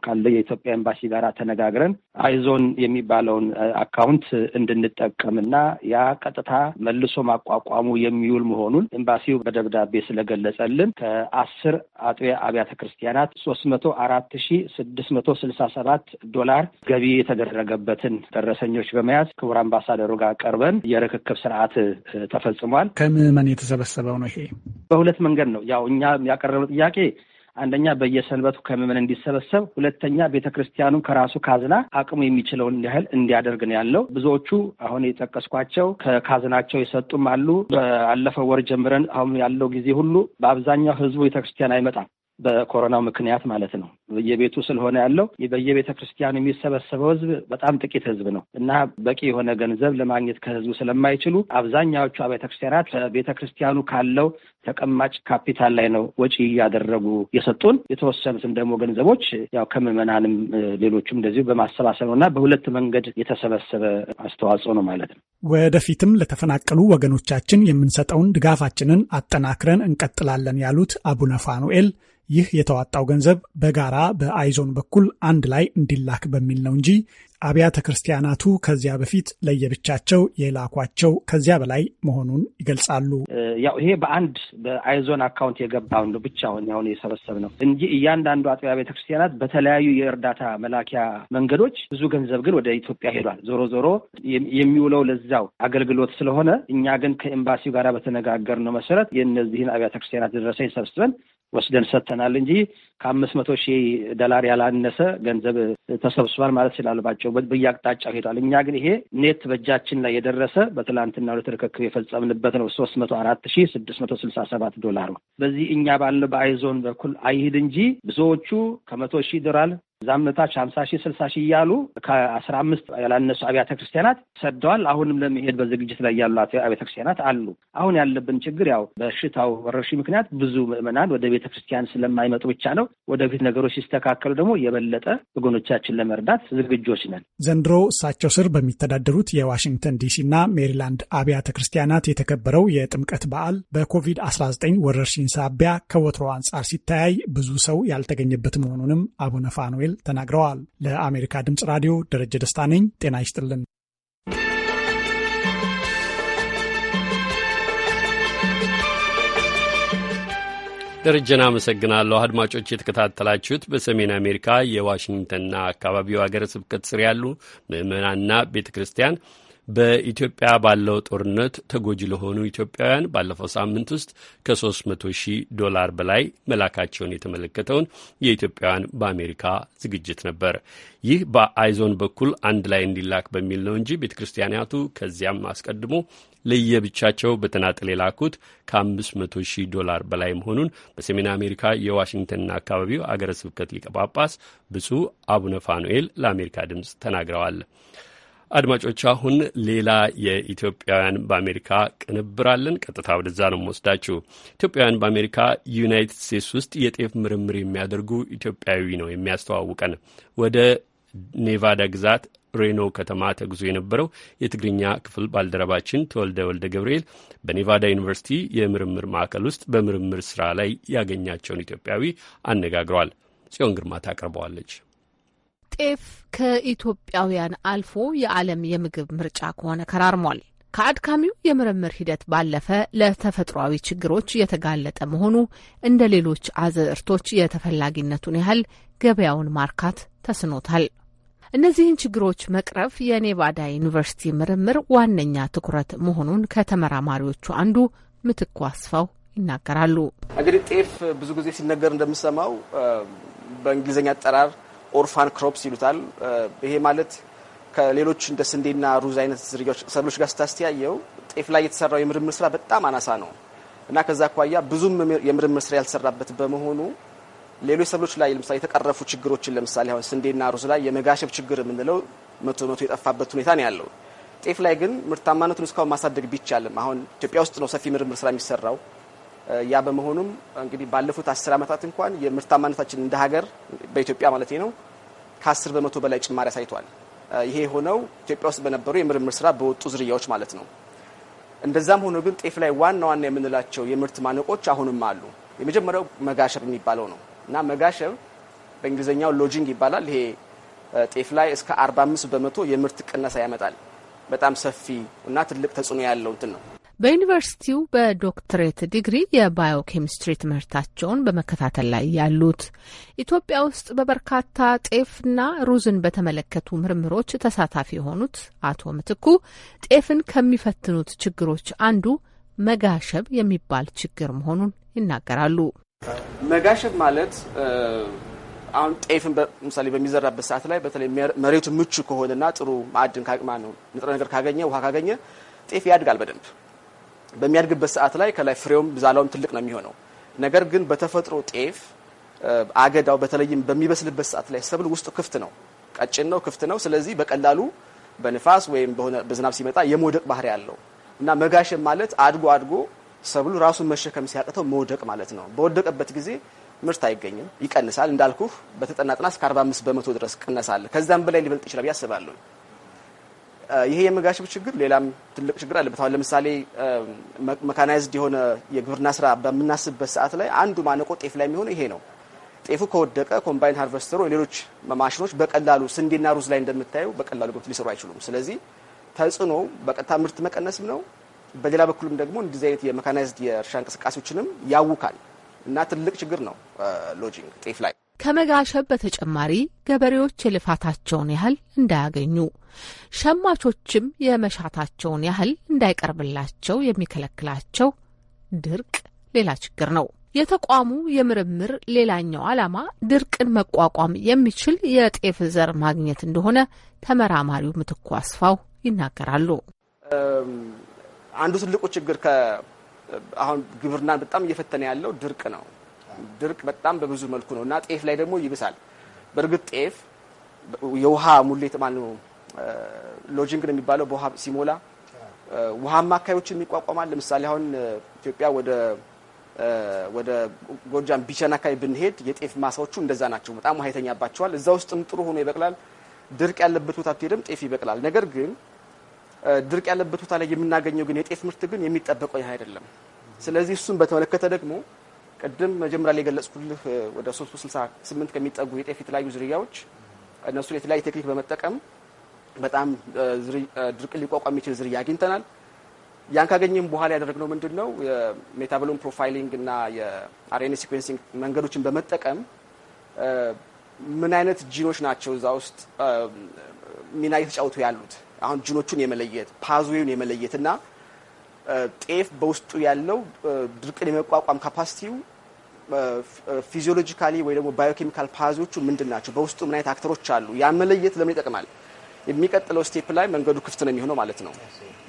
ካለ የኢትዮጵያ ኤምባሲ ጋር ተነጋግረን አይዞን የሚባለውን አካውንት እንድንጠቀምና ያ ቀጥታ መልሶ ማቋቋሙ የሚውል መሆኑን ኤምባሲው በደብዳቤ ስለገለጸልን ከአስር አጥቢያ አብያተ ክርስቲያናት ሶስት መቶ አራት ሺ ስድስት መቶ ስልሳ ሰባት ዶላር ገቢ የተደረገበትን ደረሰኞች በመያዝ ክቡር አምባሳደሩ ጋር ቀርበን የርክክብ ስርዓት ተፈጽሟል። ከምዕመን የተሰበሰበው ነው ይሄ በሁለት መንገድ ነው ያው እኛ ያቀረበው ጥያቄ አንደኛ በየሰንበቱ ከምዕመን እንዲሰበሰብ፣ ሁለተኛ ቤተ ክርስቲያኑም ከራሱ ካዝና አቅሙ የሚችለውን ያህል እንዲያደርግ ነው ያለው። ብዙዎቹ አሁን የጠቀስኳቸው ከካዝናቸው የሰጡም አሉ። ባለፈው ወር ጀምረን አሁን ያለው ጊዜ ሁሉ በአብዛኛው ህዝቡ ቤተ ክርስቲያን አይመጣም። በኮሮናው ምክንያት ማለት ነው። በየቤቱ ስለሆነ ያለው በየቤተ ክርስቲያኑ የሚሰበሰበው ህዝብ በጣም ጥቂት ህዝብ ነው እና በቂ የሆነ ገንዘብ ለማግኘት ከህዝቡ ስለማይችሉ አብዛኛዎቹ አብያተ ክርስቲያናት ከቤተ ክርስቲያኑ ካለው ተቀማጭ ካፒታል ላይ ነው ወጪ እያደረጉ የሰጡን። የተወሰኑትም ደግሞ ገንዘቦች ያው ከምዕመናንም ሌሎቹም እንደዚሁ በማሰባሰብ ነው እና በሁለት መንገድ የተሰበሰበ አስተዋጽኦ ነው ማለት ነው። ወደፊትም ለተፈናቀሉ ወገኖቻችን የምንሰጠውን ድጋፋችንን አጠናክረን እንቀጥላለን ያሉት አቡነ ፋኑኤል ይህ የተዋጣው ገንዘብ በጋራ በአይዞን በኩል አንድ ላይ እንዲላክ በሚል ነው እንጂ አብያተ ክርስቲያናቱ ከዚያ በፊት ለየብቻቸው የላኳቸው ከዚያ በላይ መሆኑን ይገልጻሉ። ያው ይሄ በአንድ በአይዞን አካውንት የገባውን ነው ብቻውን ያሁን የሰበሰብ ነው እንጂ እያንዳንዱ አጥቢያ ቤተ ክርስቲያናት በተለያዩ የእርዳታ መላኪያ መንገዶች ብዙ ገንዘብ ግን ወደ ኢትዮጵያ ሄዷል። ዞሮ ዞሮ የሚውለው ለዛው አገልግሎት ስለሆነ እኛ ግን ከኤምባሲው ጋር በተነጋገርነው መሰረት የእነዚህን አብያተ ክርስቲያናት ደረሰኝ ሰብስበን ወስደን ሰጥተናል እንጂ ከአምስት መቶ ሺህ ዶላር ያላነሰ ገንዘብ ተሰብስቧል ማለት ስላለባቸው በየአቅጣጫ ሄዷል። እኛ ግን ይሄ ኔት በእጃችን ላይ የደረሰ በትላንትና ሁለት ርክክብ የፈጸምንበት ነው። ሶስት መቶ አራት ሺ ስድስት መቶ ስልሳ ሰባት ዶላር ነው። በዚህ እኛ ባለ በአይዞን በኩል አይሂድ እንጂ ብዙዎቹ ከመቶ ሺህ ዶላር ዛምታች ሀምሳ ሺህ ስልሳ ሺህ እያሉ ከአስራ አምስት ያላነሱ አብያተ ክርስቲያናት ሰደዋል። አሁንም ለመሄድ በዝግጅት ላይ ያሉ አብያተ ክርስቲያናት አሉ። አሁን ያለብን ችግር ያው በሽታው ወረርሽኝ ምክንያት ብዙ ምዕመናን ወደ ቤተ ክርስቲያን ስለማይመጡ ብቻ ነው። ወደፊት ነገሮች ሲስተካከሉ ደግሞ የበለጠ ወገኖቻችን ለመርዳት ዝግጆች ነን። ዘንድሮ እሳቸው ስር በሚተዳደሩት የዋሽንግተን ዲሲ እና ሜሪላንድ አብያተ ክርስቲያናት የተከበረው የጥምቀት በዓል በኮቪድ-19 ወረርሽኝ ሳቢያ ከወትሮ አንጻር ሲተያይ ብዙ ሰው ያልተገኘበት መሆኑንም አቡነ ፋኑኤል ተናግረዋል። ለአሜሪካ ድምጽ ራዲዮ ደረጀ ደስታ ነኝ። ጤና ይስጥልን። ደረጀን አመሰግናለሁ። አድማጮች የተከታተላችሁት በሰሜን አሜሪካ የዋሽንግተንና አካባቢው አገረ ስብከት ስር ያሉ ምዕመናንና ቤተ ክርስቲያን በኢትዮጵያ ባለው ጦርነት ተጎጂ ለሆኑ ኢትዮጵያውያን ባለፈው ሳምንት ውስጥ ከ300 ሺህ ዶላር በላይ መላካቸውን የተመለከተውን የኢትዮጵያውያን በአሜሪካ ዝግጅት ነበር። ይህ በአይዞን በኩል አንድ ላይ እንዲላክ በሚል ነው እንጂ ቤተ ክርስቲያናቱ ከዚያም አስቀድሞ ለየብቻቸው በተናጠል የላኩት ከ500 ሺህ ዶላር በላይ መሆኑን በሰሜን አሜሪካ የዋሽንግተንና አካባቢው አገረ ስብከት ሊቀ ጳጳስ ብፁዕ አቡነ ፋኑኤል ለአሜሪካ ድምፅ ተናግረዋል። አድማጮች አሁን ሌላ የኢትዮጵያውያን በአሜሪካ ቅንብር አለን። ቀጥታ ወደዛ ነው የምወስዳችሁ። ኢትዮጵያውያን በአሜሪካ ዩናይትድ ስቴትስ ውስጥ የጤፍ ምርምር የሚያደርጉ ኢትዮጵያዊ ነው የሚያስተዋውቀን። ወደ ኔቫዳ ግዛት ሬኖ ከተማ ተጉዞ የነበረው የትግርኛ ክፍል ባልደረባችን ተወልደ ወልደ ገብርኤል በኔቫዳ ዩኒቨርሲቲ የምርምር ማዕከል ውስጥ በምርምር ስራ ላይ ያገኛቸውን ኢትዮጵያዊ አነጋግሯል። ጽዮን ግርማ ታቀርበዋለች። ጤፍ ከኢትዮጵያውያን አልፎ የዓለም የምግብ ምርጫ ከሆነ ከራርሟል። ከአድካሚው የምርምር ሂደት ባለፈ ለተፈጥሯዊ ችግሮች የተጋለጠ መሆኑ እንደ ሌሎች አዝርዕቶች የተፈላጊነቱን ያህል ገበያውን ማርካት ተስኖታል። እነዚህን ችግሮች መቅረፍ የኔቫዳ ዩኒቨርሲቲ ምርምር ዋነኛ ትኩረት መሆኑን ከተመራማሪዎቹ አንዱ ምትኩ አስፋው ይናገራሉ። እንግዲህ ጤፍ ብዙ ጊዜ ሲነገር እንደምሰማው በእንግሊዝኛ አጠራር ኦርፋን ክሮፕስ ይሉታል። ይሄ ማለት ከሌሎች እንደ ስንዴና ሩዝ አይነት ዝርያዎች ሰብሎች ጋር ስታስተያየው ጤፍ ላይ የተሰራው የምርምር ስራ በጣም አናሳ ነው እና ከዛ አኳያ ብዙም የምርምር ስራ ያልሰራበት በመሆኑ ሌሎች ሰብሎች ላይ ለምሳሌ የተቀረፉ ችግሮችን ለምሳሌ አሁን ስንዴና ሩዝ ላይ የመጋሸብ ችግር የምንለው መቶ መቶ የጠፋበት ሁኔታ ነው ያለው። ጤፍ ላይ ግን ምርታማነቱን እስካሁን ማሳደግ ቢቻልም አሁን ኢትዮጵያ ውስጥ ነው ሰፊ ምርምር ስራ የሚሰራው። ያ በመሆኑም እንግዲህ ባለፉት አስር ዓመታት እንኳን የምርታማነታችን እንደ ሀገር በኢትዮጵያ ማለት ነው ከ10 በመቶ በላይ ጭማሪ አሳይቷል። ይሄ የሆነው ኢትዮጵያ ውስጥ በነበሩ የምርምር ስራ በወጡ ዝርያዎች ማለት ነው። እንደዛም ሆኖ ግን ጤፍ ላይ ዋና ዋና የምንላቸው የምርት ማነቆች አሁንም አሉ። የመጀመሪያው መጋሸብ የሚባለው ነው እና መጋሸብ በእንግሊዝኛው ሎጂንግ ይባላል። ይሄ ጤፍ ላይ እስከ 45 በመቶ የምርት ቅነሳ ያመጣል። በጣም ሰፊ እና ትልቅ ተጽዕኖ ያለው እንትን ነው። በዩኒቨርሲቲው በዶክትሬት ዲግሪ የባዮ ኬሚስትሪ ትምህርታቸውን በመከታተል ላይ ያሉት ኢትዮጵያ ውስጥ በበርካታ ጤፍና ሩዝን በተመለከቱ ምርምሮች ተሳታፊ የሆኑት አቶ ምትኩ ጤፍን ከሚፈትኑት ችግሮች አንዱ መጋሸብ የሚባል ችግር መሆኑን ይናገራሉ። መጋሸብ ማለት አሁን ጤፍን ምሳሌ በሚዘራበት ሰዓት ላይ በተለይ መሬቱ ምቹ ከሆነና ጥሩ ማዕድን ነው ንጥረ ነገር ካገኘ ውሃ ካገኘ ጤፍ ያድጋል በደንብ በሚያድግበት ሰዓት ላይ ከላይ ፍሬውም ብዛላውም ትልቅ ነው የሚሆነው። ነገር ግን በተፈጥሮ ጤፍ አገዳው በተለይም በሚበስልበት ሰዓት ላይ ሰብል ውስጡ ክፍት ነው፣ ቀጭን ነው፣ ክፍት ነው። ስለዚህ በቀላሉ በንፋስ ወይም በዝናብ ሲመጣ የመውደቅ ባህሪ አለው። እና መጋሸም ማለት አድጎ አድጎ ሰብሉ ራሱን መሸከም ሲያቅተው መውደቅ ማለት ነው። በወደቀበት ጊዜ ምርት አይገኝም፣ ይቀንሳል። እንዳልኩህ በተጠና ጥናት እስከ 45 በመቶ ድረስ ቅነሳለ ከዚም በላይ ሊበልጥ ይችላል ብዬ አስባለሁ። ይሄ የመጋሸብ ችግር ሌላም ትልቅ ችግር አለበት። አሁን ለምሳሌ መካናይዝድ የሆነ የግብርና ስራ በምናስብበት ሰዓት ላይ አንዱ ማነቆ ጤፍ ላይ የሚሆነው ይሄ ነው። ጤፉ ከወደቀ ኮምባይን ሃርቨስተሩ ሌሎች ማሽኖች በቀላሉ ስንዴና ሩዝ ላይ እንደምታዩ በቀላሉ ገብት ሊሰሩ አይችሉም። ስለዚህ ተጽዕኖ በቀጥታ ምርት መቀነስም ነው። በሌላ በኩልም ደግሞ እንደዚህ አይነት የመካናይዝድ የእርሻ እንቅስቃሴዎችንም ያውካል እና ትልቅ ችግር ነው ሎጂንግ ጤፍ ላይ ከመጋሸብ በተጨማሪ ገበሬዎች የልፋታቸውን ያህል እንዳያገኙ፣ ሸማቾችም የመሻታቸውን ያህል እንዳይቀርብላቸው የሚከለክላቸው ድርቅ ሌላ ችግር ነው። የተቋሙ የምርምር ሌላኛው ዓላማ ድርቅን መቋቋም የሚችል የጤፍ ዘር ማግኘት እንደሆነ ተመራማሪው ምትኩ አስፋው ይናገራሉ። አንዱ ትልቁ ችግር አሁን ግብርናን በጣም እየፈተነ ያለው ድርቅ ነው። ድርቅ በጣም በብዙ መልኩ ነው እና ጤፍ ላይ ደግሞ ይብሳል። በእርግጥ ጤፍ የውሃ ሙሌት ማለት ነው ሎጂንግ ነው የሚባለው በውሃ ሲሞላ ውሃማ አካባቢዎችን ይቋቋማል። ለምሳሌ አሁን ኢትዮጵያ ወደ ወደ ጎጃም ቢቸን አካባቢ ብንሄድ የጤፍ ማሳዎቹ እንደዛ ናቸው። በጣም ውሃ ይተኛባቸዋል። እዛ ውስጥም ጥሩ ሆኖ ይበቅላል። ድርቅ ያለበት ቦታ ብትሄድም ጤፍ ይበቅላል። ነገር ግን ድርቅ ያለበት ቦታ ላይ የምናገኘው ግን የጤፍ ምርት ግን የሚጠበቀው ይህ አይደለም። ስለዚህ እሱን በተመለከተ ደግሞ ቅድም መጀመሪያ ላይ የገለጽኩልህ ወደ 368 ከሚጠጉ የጤፍ የተለያዩ ዝርያዎች እነሱ የተለያየ ቴክኒክ በመጠቀም በጣም ድርቅ ሊቋቋም የሚችል ዝርያ አግኝተናል። ያን ካገኘም በኋላ ያደረግነው ምንድን ነው የሜታቦሎም ፕሮፋይሊንግ እና የአርኤንኤ ሲኩዌንሲንግ መንገዶችን በመጠቀም ምን አይነት ጂኖች ናቸው እዛ ውስጥ ሚና እየተጫወቱ ያሉት አሁን ጂኖቹን የመለየት ፓዝዌውን የመለየት እና ጤፍ በውስጡ ያለው ድርቅን የመቋቋም ካፓሲቲው ፊዚዮሎጂካሊ ወይ ደግሞ ባዮኬሚካል ፓዞቹ ምንድን ናቸው? በውስጡ ምን አይነት አክተሮች አሉ? ያ መለየት ለምን ይጠቅማል? የሚቀጥለው ስቴፕ ላይ መንገዱ ክፍት ነው የሚሆነው ማለት ነው።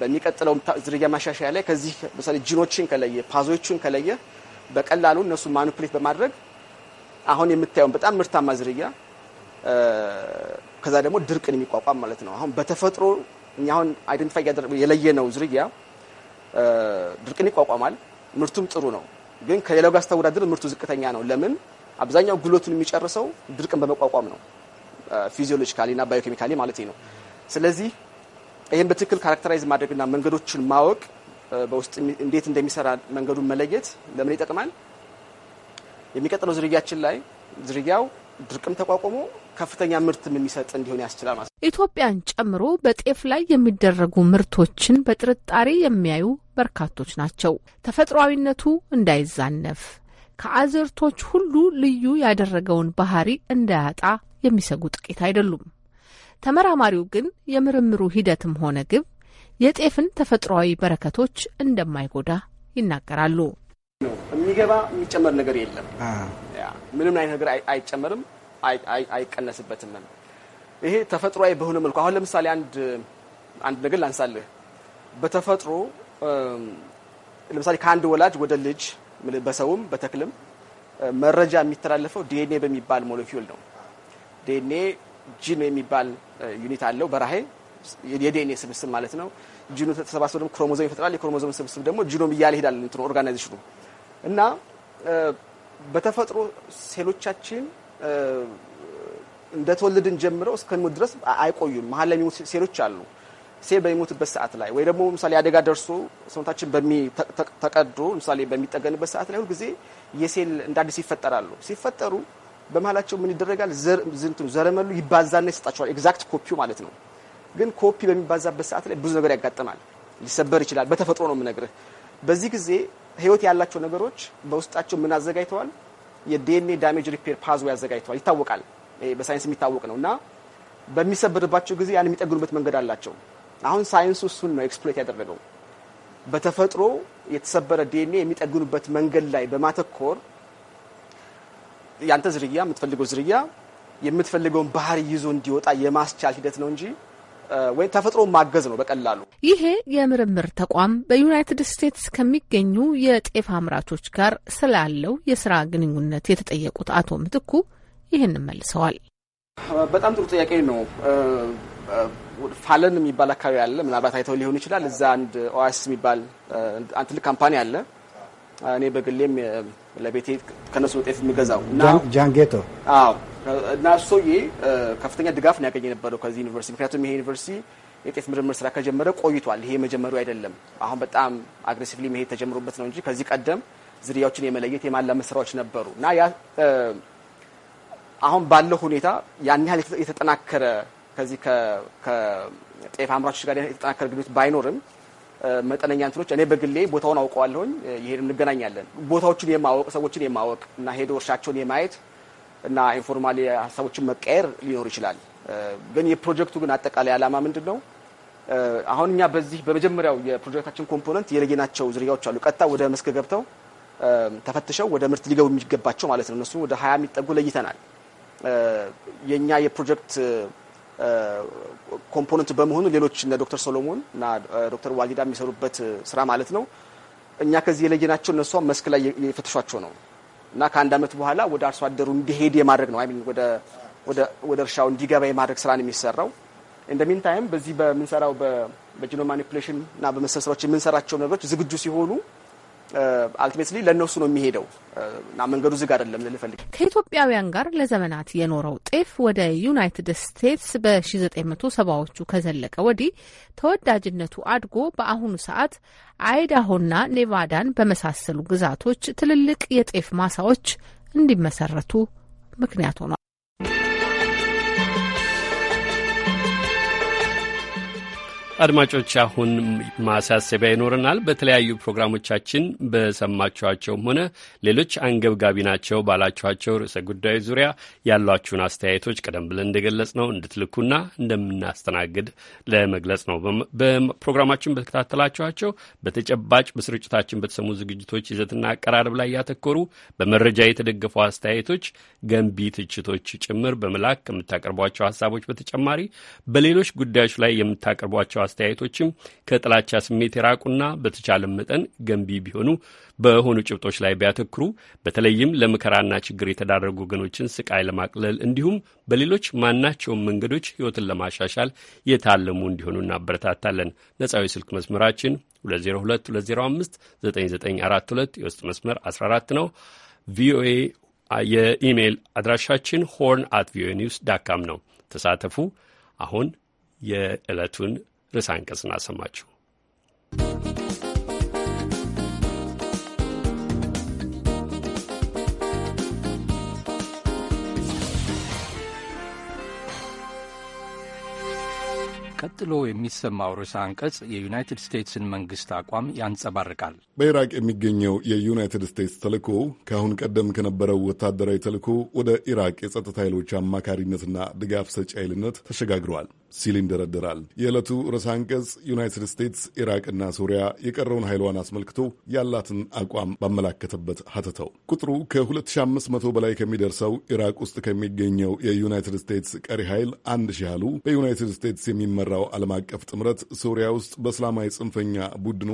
በሚቀጥለው ዝርያ ማሻሻያ ላይ ከዚህ ምሳሌ ጂኖችን ከለየ ፓዞቹን ከለየ በቀላሉ እነሱ ማኒፕሌት በማድረግ አሁን የምታየውን በጣም ምርታማ ዝርያ ከዛ ደግሞ ድርቅን የሚቋቋም ማለት ነው። አሁን በተፈጥሮ እኛ አሁን አይደንቲፋይ የለየ ነው ዝርያ ድርቅን ይቋቋማል። ምርቱም ጥሩ ነው። ግን ከሌላው ጋር ስታወዳድር ምርቱ ዝቅተኛ ነው። ለምን? አብዛኛው ጉልበቱን የሚጨርሰው ድርቅን በመቋቋም ነው፣ ፊዚዮሎጂካሊና ባዮኬሚካሊ ማለት ነው። ስለዚህ ይህን በትክክል ካራክተራይዝ ማድረግና መንገዶችን ማወቅ በውስጥ እንዴት እንደሚሰራ መንገዱን መለየት ለምን ይጠቅማል? የሚቀጥለው ዝርያችን ላይ ዝርያው ድርቅም ተቋቁሞ ከፍተኛ ምርትም የሚሰጥ እንዲሆን ያስችላል ማለት ነው። ኢትዮጵያን ጨምሮ በጤፍ ላይ የሚደረጉ ምርቶችን በጥርጣሬ የሚያዩ በርካቶች ናቸው። ተፈጥሯዊነቱ እንዳይዛነፍ ከአዝርቶች ሁሉ ልዩ ያደረገውን ባህሪ እንዳያጣ የሚሰጉ ጥቂት አይደሉም። ተመራማሪው ግን የምርምሩ ሂደትም ሆነ ግብ የጤፍን ተፈጥሯዊ በረከቶች እንደማይጎዳ ይናገራሉ። ነው የሚገባ የሚጨመር ነገር የለም። ምንም አይነት ነገር አይጨመርም፣ አይቀነስበትም። ይሄ ተፈጥሯዊ በሆነ መልኩ አሁን ለምሳሌ አንድ አንድ ነገር ላንሳልህ። በተፈጥሮ ለምሳሌ ከአንድ ወላጅ ወደ ልጅ በሰውም በተክልም መረጃ የሚተላለፈው ዲኤንኤ በሚባል ሞለኪውል ነው። ዲኤንኤ ጂን የሚባል ዩኒት አለው በራሄ የዲኤንኤ ስብስብ ማለት ነው። ጂኑ ተሰባስበው ደግሞ ክሮሞዞም ይፈጥራል። የክሮሞዞም ስብስብ ደግሞ ጂኖም እያለ ይሄዳል እንትኑ ኦርጋናይዜሽኑ እና በተፈጥሮ ሴሎቻችን እንደተወለድን ጀምረው እስከሚሞት ድረስ አይቆዩም። መሀል ላይ የሚሞት ሴሎች አሉ። ሴል በሚሞትበት ሰዓት ላይ ወይ ደግሞ ምሳሌ አደጋ ደርሶ ሰውነታችን በሚተቀዶ ምሳሌ በሚጠገንበት ሰዓት ላይ ሁልጊዜ የሴል እንደ አዲስ ይፈጠራሉ። ሲፈጠሩ በመሀላቸው ምን ይደረጋል? ዘረመሉ ይባዛና ይሰጣቸዋል። ኤግዛክት ኮፒው ማለት ነው። ግን ኮፒ በሚባዛበት ሰዓት ላይ ብዙ ነገር ያጋጥማል። ሊሰበር ይችላል። በተፈጥሮ ነው የምነግርህ። በዚህ ጊዜ ህይወት ያላቸው ነገሮች በውስጣቸው ምን አዘጋጅተዋል? የዲኤንኤ ዳሜጅ ሪፔር ፓዝዌ አዘጋጅተዋል። ይታወቃል፣ በሳይንስ የሚታወቅ ነው እና በሚሰበርባቸው ጊዜ ያን የሚጠግኑበት መንገድ አላቸው። አሁን ሳይንሱ እሱን ነው ኤክስፕሎይት ያደረገው። በተፈጥሮ የተሰበረ ዲኤንኤ የሚጠግኑበት መንገድ ላይ በማተኮር ያንተ ዝርያ የምትፈልገው ዝርያ የምትፈልገውን ባህሪ ይዞ እንዲወጣ የማስቻል ሂደት ነው እንጂ ወይም ተፈጥሮ ማገዝ ነው በቀላሉ። ይሄ የምርምር ተቋም በዩናይትድ ስቴትስ ከሚገኙ የጤፍ አምራቾች ጋር ስላለው የስራ ግንኙነት የተጠየቁት አቶ ምትኩ ይህን መልሰዋል። በጣም ጥሩ ጥያቄ ነው። ፋለን የሚባል አካባቢ አለ። ምናልባት አይተው ሊሆን ይችላል። እዛ አንድ ኦአሲስ የሚባል አንድ ትልቅ ካምፓኒ አለ። እኔ በግሌም ለቤቴ ከነሱ ጤፍ የሚገዛው ጃንጌቶ። አዎ እና እሶዬ ከፍተኛ ድጋፍ ነው ያገኘ የነበረው ከዚህ ዩኒቨርሲቲ። ምክንያቱም ይሄ ዩኒቨርሲቲ የጤፍ ምርምር ስራ ከጀመረ ቆይቷል። ይሄ መጀመሩ አይደለም። አሁን በጣም አግሬሲቭሊ መሄድ ተጀምሮበት ነው እንጂ ከዚህ ቀደም ዝርያዎችን የመለየት የማላመድ ስራዎች ነበሩ እና አሁን ባለው ሁኔታ ያን ያህል የተጠናከረ ከዚህ ከጤፍ አምራቾች ጋር የተጠናከረ ግንኙነት ባይኖርም መጠነኛ እንትኖች እኔ በግሌ ቦታውን አውቀዋለሁኝ። ይሄን እንገናኛለን። ቦታዎችን የማወቅ ሰዎችን የማወቅ እና ሄዶ እርሻቸውን የማየት እና ኢንፎርማሊ ሀሳቦችን መቀየር ሊኖር ይችላል። ግን የፕሮጀክቱ ግን አጠቃላይ ዓላማ ምንድን ነው? አሁን እኛ በዚህ በመጀመሪያው የፕሮጀክታችን ኮምፖነንት የለየናቸው ዝርያዎች አሉ። ቀጥታ ወደ መስክ ገብተው ተፈትሸው ወደ ምርት ሊገቡ የሚገባቸው ማለት ነው። እነሱ ወደ ሀያ የሚጠጉ ለይተናል። የእኛ የፕሮጀክት ኮምፖነንት በመሆኑ ሌሎች እነ ዶክተር ሶሎሞን እና ዶክተር ዋሊዳ የሚሰሩበት ስራ ማለት ነው። እኛ ከዚህ የለየናቸው እነሷ መስክ ላይ የፈተሿቸው ነው። እና ከአንድ አመት በኋላ ወደ አርሶ አደሩ እንዲሄድ የማድረግ ነው ሚን ወደ ወደ ወደ እርሻው እንዲገባ የማድረግ ስራ ነው የሚሰራው። እንደሚን ታይም በዚህ በምንሰራው በጂኖም ማኒፕሌሽን እና በመሰሰራዎች የምንሰራቸው ነገሮች ዝግጁ ሲሆኑ አልቲሜትሊ ለእነሱ ነው የሚሄደው እና መንገዱ ዝግ አይደለም ልልፈልግ ከኢትዮጵያውያን ጋር ለዘመናት የኖረው ጤፍ ወደ ዩናይትድ ስቴትስ በ1970ዎቹ ከዘለቀ ወዲህ ተወዳጅነቱ አድጎ በአሁኑ ሰዓት አይዳሆና ኔቫዳን በመሳሰሉ ግዛቶች ትልልቅ የጤፍ ማሳዎች እንዲመሰረቱ ምክንያት ሆኗል። አድማጮች አሁን ማሳሰቢያ ይኖረናል። በተለያዩ ፕሮግራሞቻችን በሰማችኋቸውም ሆነ ሌሎች አንገብጋቢ ናቸው ባላችኋቸው ርዕሰ ጉዳዮች ዙሪያ ያሏችሁን አስተያየቶች ቀደም ብለን እንደገለጽ ነው እንድትልኩና እንደምናስተናግድ ለመግለጽ ነው። በፕሮግራማችን በተከታተላችኋቸው በተጨባጭ በስርጭታችን በተሰሙ ዝግጅቶች ይዘትና አቀራረብ ላይ ያተኮሩ በመረጃ የተደገፉ አስተያየቶች፣ ገንቢ ትችቶች ጭምር በመላክ ከምታቀርቧቸው ሀሳቦች በተጨማሪ በሌሎች ጉዳዮች ላይ የምታቀርቧቸው አስተያየቶችም ከጥላቻ ስሜት የራቁና በተቻለም መጠን ገንቢ ቢሆኑ በሆኑ ጭብጦች ላይ ቢያተክሩ በተለይም ለመከራና ችግር የተዳረጉ ወገኖችን ስቃይ ለማቅለል እንዲሁም በሌሎች ማናቸውም መንገዶች ሕይወትን ለማሻሻል የታለሙ እንዲሆኑ እናበረታታለን። ነጻዊ ስልክ መስመራችን 2022059942 የውስጥ መስመር 14 ነው። ቪኦኤ የኢሜይል አድራሻችን ሆርን አት ቪኦኤ ኒውስ ዳካም ነው። ተሳተፉ። አሁን የዕለቱን ርዕሰ አንቀጽ እናሰማችሁ። ቀጥሎ የሚሰማው ርዕሰ አንቀጽ የዩናይትድ ስቴትስን መንግስት አቋም ያንጸባርቃል። በኢራቅ የሚገኘው የዩናይትድ ስቴትስ ተልእኮ ከአሁን ቀደም ከነበረው ወታደራዊ ተልእኮ ወደ ኢራቅ የጸጥታ ኃይሎች አማካሪነትና ድጋፍ ሰጪ ኃይልነት ተሸጋግረዋል። ሲል ይንደረደራል። የዕለቱ ርዕሰ አንቀጽ ዩናይትድ ስቴትስ ኢራቅና ሶሪያ የቀረውን ኃይሏን አስመልክቶ ያላትን አቋም ባመላከተበት ሀተተው ቁጥሩ ከ2500 በላይ ከሚደርሰው ኢራቅ ውስጥ ከሚገኘው የዩናይትድ ስቴትስ ቀሪ ኃይል አንድ ሺህ ያህሉ በዩናይትድ ስቴትስ የሚመራው ዓለም አቀፍ ጥምረት ሶሪያ ውስጥ በእስላማዊ ጽንፈኛ ቡድኑ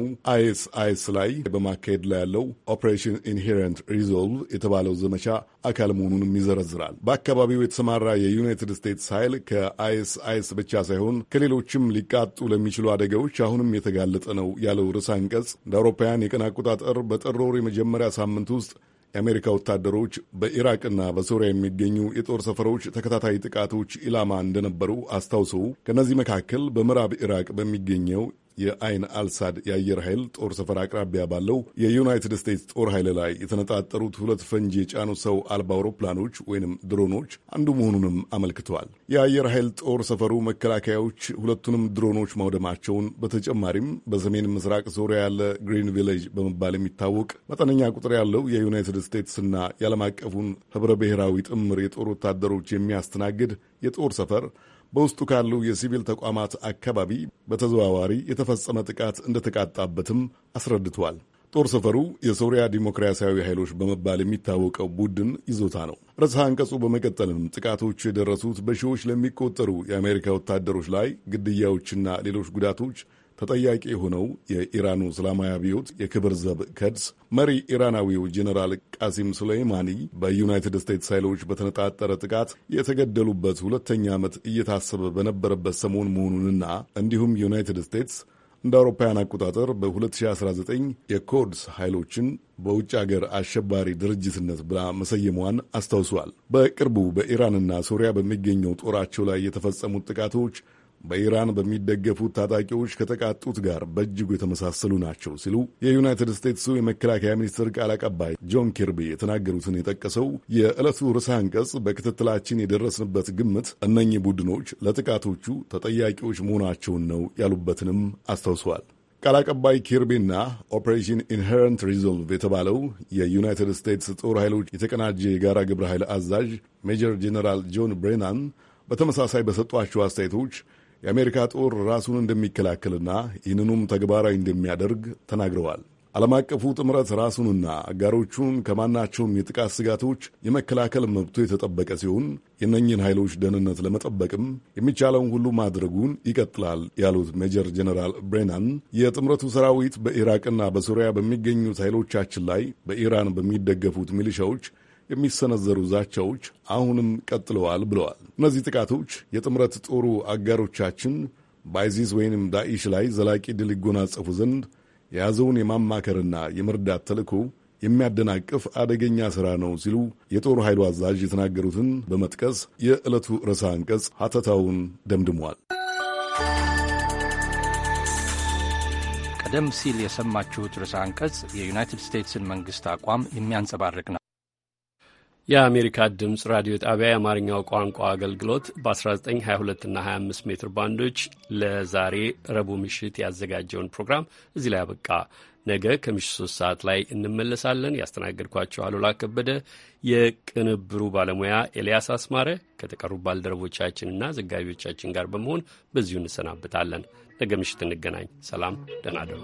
አይስ ላይ በማካሄድ ላይ ያለው ኦፕሬሽን ኢንሄረንት ሪዞልቭ የተባለው ዘመቻ አካል መሆኑንም ይዘረዝራል። በአካባቢው የተሰማራ የዩናይትድ ስቴትስ ኃይል ከአይስ አይስ ብቻ ሳይሆን ከሌሎችም ሊቃጡ ለሚችሉ አደጋዎች አሁንም የተጋለጠ ነው ያለው ርዕሰ አንቀጽ እንደ አውሮፓውያን የቀን አቆጣጠር በጥር ወር የመጀመሪያ ሳምንት ውስጥ የአሜሪካ ወታደሮች በኢራቅና በሶሪያ የሚገኙ የጦር ሰፈሮች ተከታታይ ጥቃቶች ኢላማ እንደነበሩ አስታውሰው ከእነዚህ መካከል በምዕራብ ኢራቅ በሚገኘው የአይን አልሳድ የአየር ኃይል ጦር ሰፈር አቅራቢያ ባለው የዩናይትድ ስቴትስ ጦር ኃይል ላይ የተነጣጠሩት ሁለት ፈንጂ የጫኑ ሰው አልባ አውሮፕላኖች ወይንም ድሮኖች አንዱ መሆኑንም አመልክተዋል። የአየር ኃይል ጦር ሰፈሩ መከላከያዎች ሁለቱንም ድሮኖች ማውደማቸውን በተጨማሪም በሰሜን ምስራቅ ሶሪያ ያለ ግሪን ቪሌጅ በመባል የሚታወቅ መጠነኛ ቁጥር ያለው የዩናይትድ ስቴትስና የዓለም አቀፉን ህብረ ብሔራዊ ጥምር የጦር ወታደሮች የሚያስተናግድ የጦር ሰፈር በውስጡ ካሉ የሲቪል ተቋማት አካባቢ በተዘዋዋሪ የተፈጸመ ጥቃት እንደተቃጣበትም አስረድቷል። ጦር ሰፈሩ የሶሪያ ዲሞክራሲያዊ ኃይሎች በመባል የሚታወቀው ቡድን ይዞታ ነው። ርዕሰ አንቀጹ በመቀጠልም ጥቃቶቹ የደረሱት በሺዎች ለሚቆጠሩ የአሜሪካ ወታደሮች ላይ ግድያዎችና ሌሎች ጉዳቶች ተጠያቂ የሆነው የኢራኑ እስላማዊ አብዮት የክብር ዘብ ከድስ መሪ ኢራናዊው ጄኔራል ቃሲም ሱሌይማኒ በዩናይትድ ስቴትስ ኃይሎች በተነጣጠረ ጥቃት የተገደሉበት ሁለተኛ ዓመት እየታሰበ በነበረበት ሰሞን መሆኑንና እንዲሁም ዩናይትድ ስቴትስ እንደ አውሮፓውያን አቆጣጠር በ2019 የኮድስ ኃይሎችን በውጭ አገር አሸባሪ ድርጅትነት ብላ መሰየሟን አስታውሷል። በቅርቡ በኢራንና ሶሪያ በሚገኘው ጦራቸው ላይ የተፈጸሙት ጥቃቶች በኢራን በሚደገፉት ታጣቂዎች ከተቃጡት ጋር በእጅጉ የተመሳሰሉ ናቸው ሲሉ የዩናይትድ ስቴትሱ የመከላከያ ሚኒስትር ቃል አቀባይ ጆን ኪርቢ የተናገሩትን የጠቀሰው የዕለቱ ርዕሰ አንቀጽ በክትትላችን የደረስንበት ግምት እነኚህ ቡድኖች ለጥቃቶቹ ተጠያቂዎች መሆናቸውን ነው ያሉበትንም አስታውሰዋል። ቃል አቀባይ ኪርቢና ኦፕሬሽን ኢንሄረንት ሪዞልቭ የተባለው የዩናይትድ ስቴትስ ጦር ኃይሎች የተቀናጀ የጋራ ግብረ ኃይል አዛዥ ሜጀር ጄኔራል ጆን ብሬናን በተመሳሳይ በሰጧቸው አስተያየቶች የአሜሪካ ጦር ራሱን እንደሚከላከልና ይህንኑም ተግባራዊ እንደሚያደርግ ተናግረዋል። ዓለም አቀፉ ጥምረት ራሱንና አጋሮቹን ከማናቸውም የጥቃት ስጋቶች የመከላከል መብቱ የተጠበቀ ሲሆን የእነኝን ኃይሎች ደህንነት ለመጠበቅም የሚቻለውን ሁሉ ማድረጉን ይቀጥላል ያሉት ሜጀር ጀነራል ብሬናን የጥምረቱ ሰራዊት በኢራቅና በሱሪያ በሚገኙት ኃይሎቻችን ላይ በኢራን በሚደገፉት ሚሊሻዎች የሚሰነዘሩ ዛቻዎች አሁንም ቀጥለዋል ብለዋል። እነዚህ ጥቃቶች የጥምረት ጦሩ አጋሮቻችን በአይሲስ ወይንም ዳኢሽ ላይ ዘላቂ ድል ይጎናጸፉ ዘንድ የያዘውን የማማከርና የመርዳት ተልዕኮ የሚያደናቅፍ አደገኛ ሥራ ነው ሲሉ የጦር ኃይሉ አዛዥ የተናገሩትን በመጥቀስ የዕለቱ ርዕሰ አንቀጽ ሐተታውን ደምድሟል። ቀደም ሲል የሰማችሁት ርዕሰ አንቀጽ የዩናይትድ ስቴትስን መንግሥት አቋም የሚያንጸባርቅ ነው። የአሜሪካ ድምፅ ራዲዮ ጣቢያ የአማርኛው ቋንቋ አገልግሎት በ1922ና 25 ሜትር ባንዶች ለዛሬ ረቡዕ ምሽት ያዘጋጀውን ፕሮግራም እዚህ ላይ አበቃ። ነገ ከምሽት 3 ሰዓት ላይ እንመለሳለን። ያስተናገድኳቸው አሉላ ከበደ፣ የቅንብሩ ባለሙያ ኤልያስ አስማረ ከተቀሩ ባልደረቦቻችንና ዘጋቢዎቻችን ጋር በመሆን በዚሁ እንሰናብታለን። ነገ ምሽት እንገናኝ። ሰላም፣ ደህና እደሩ።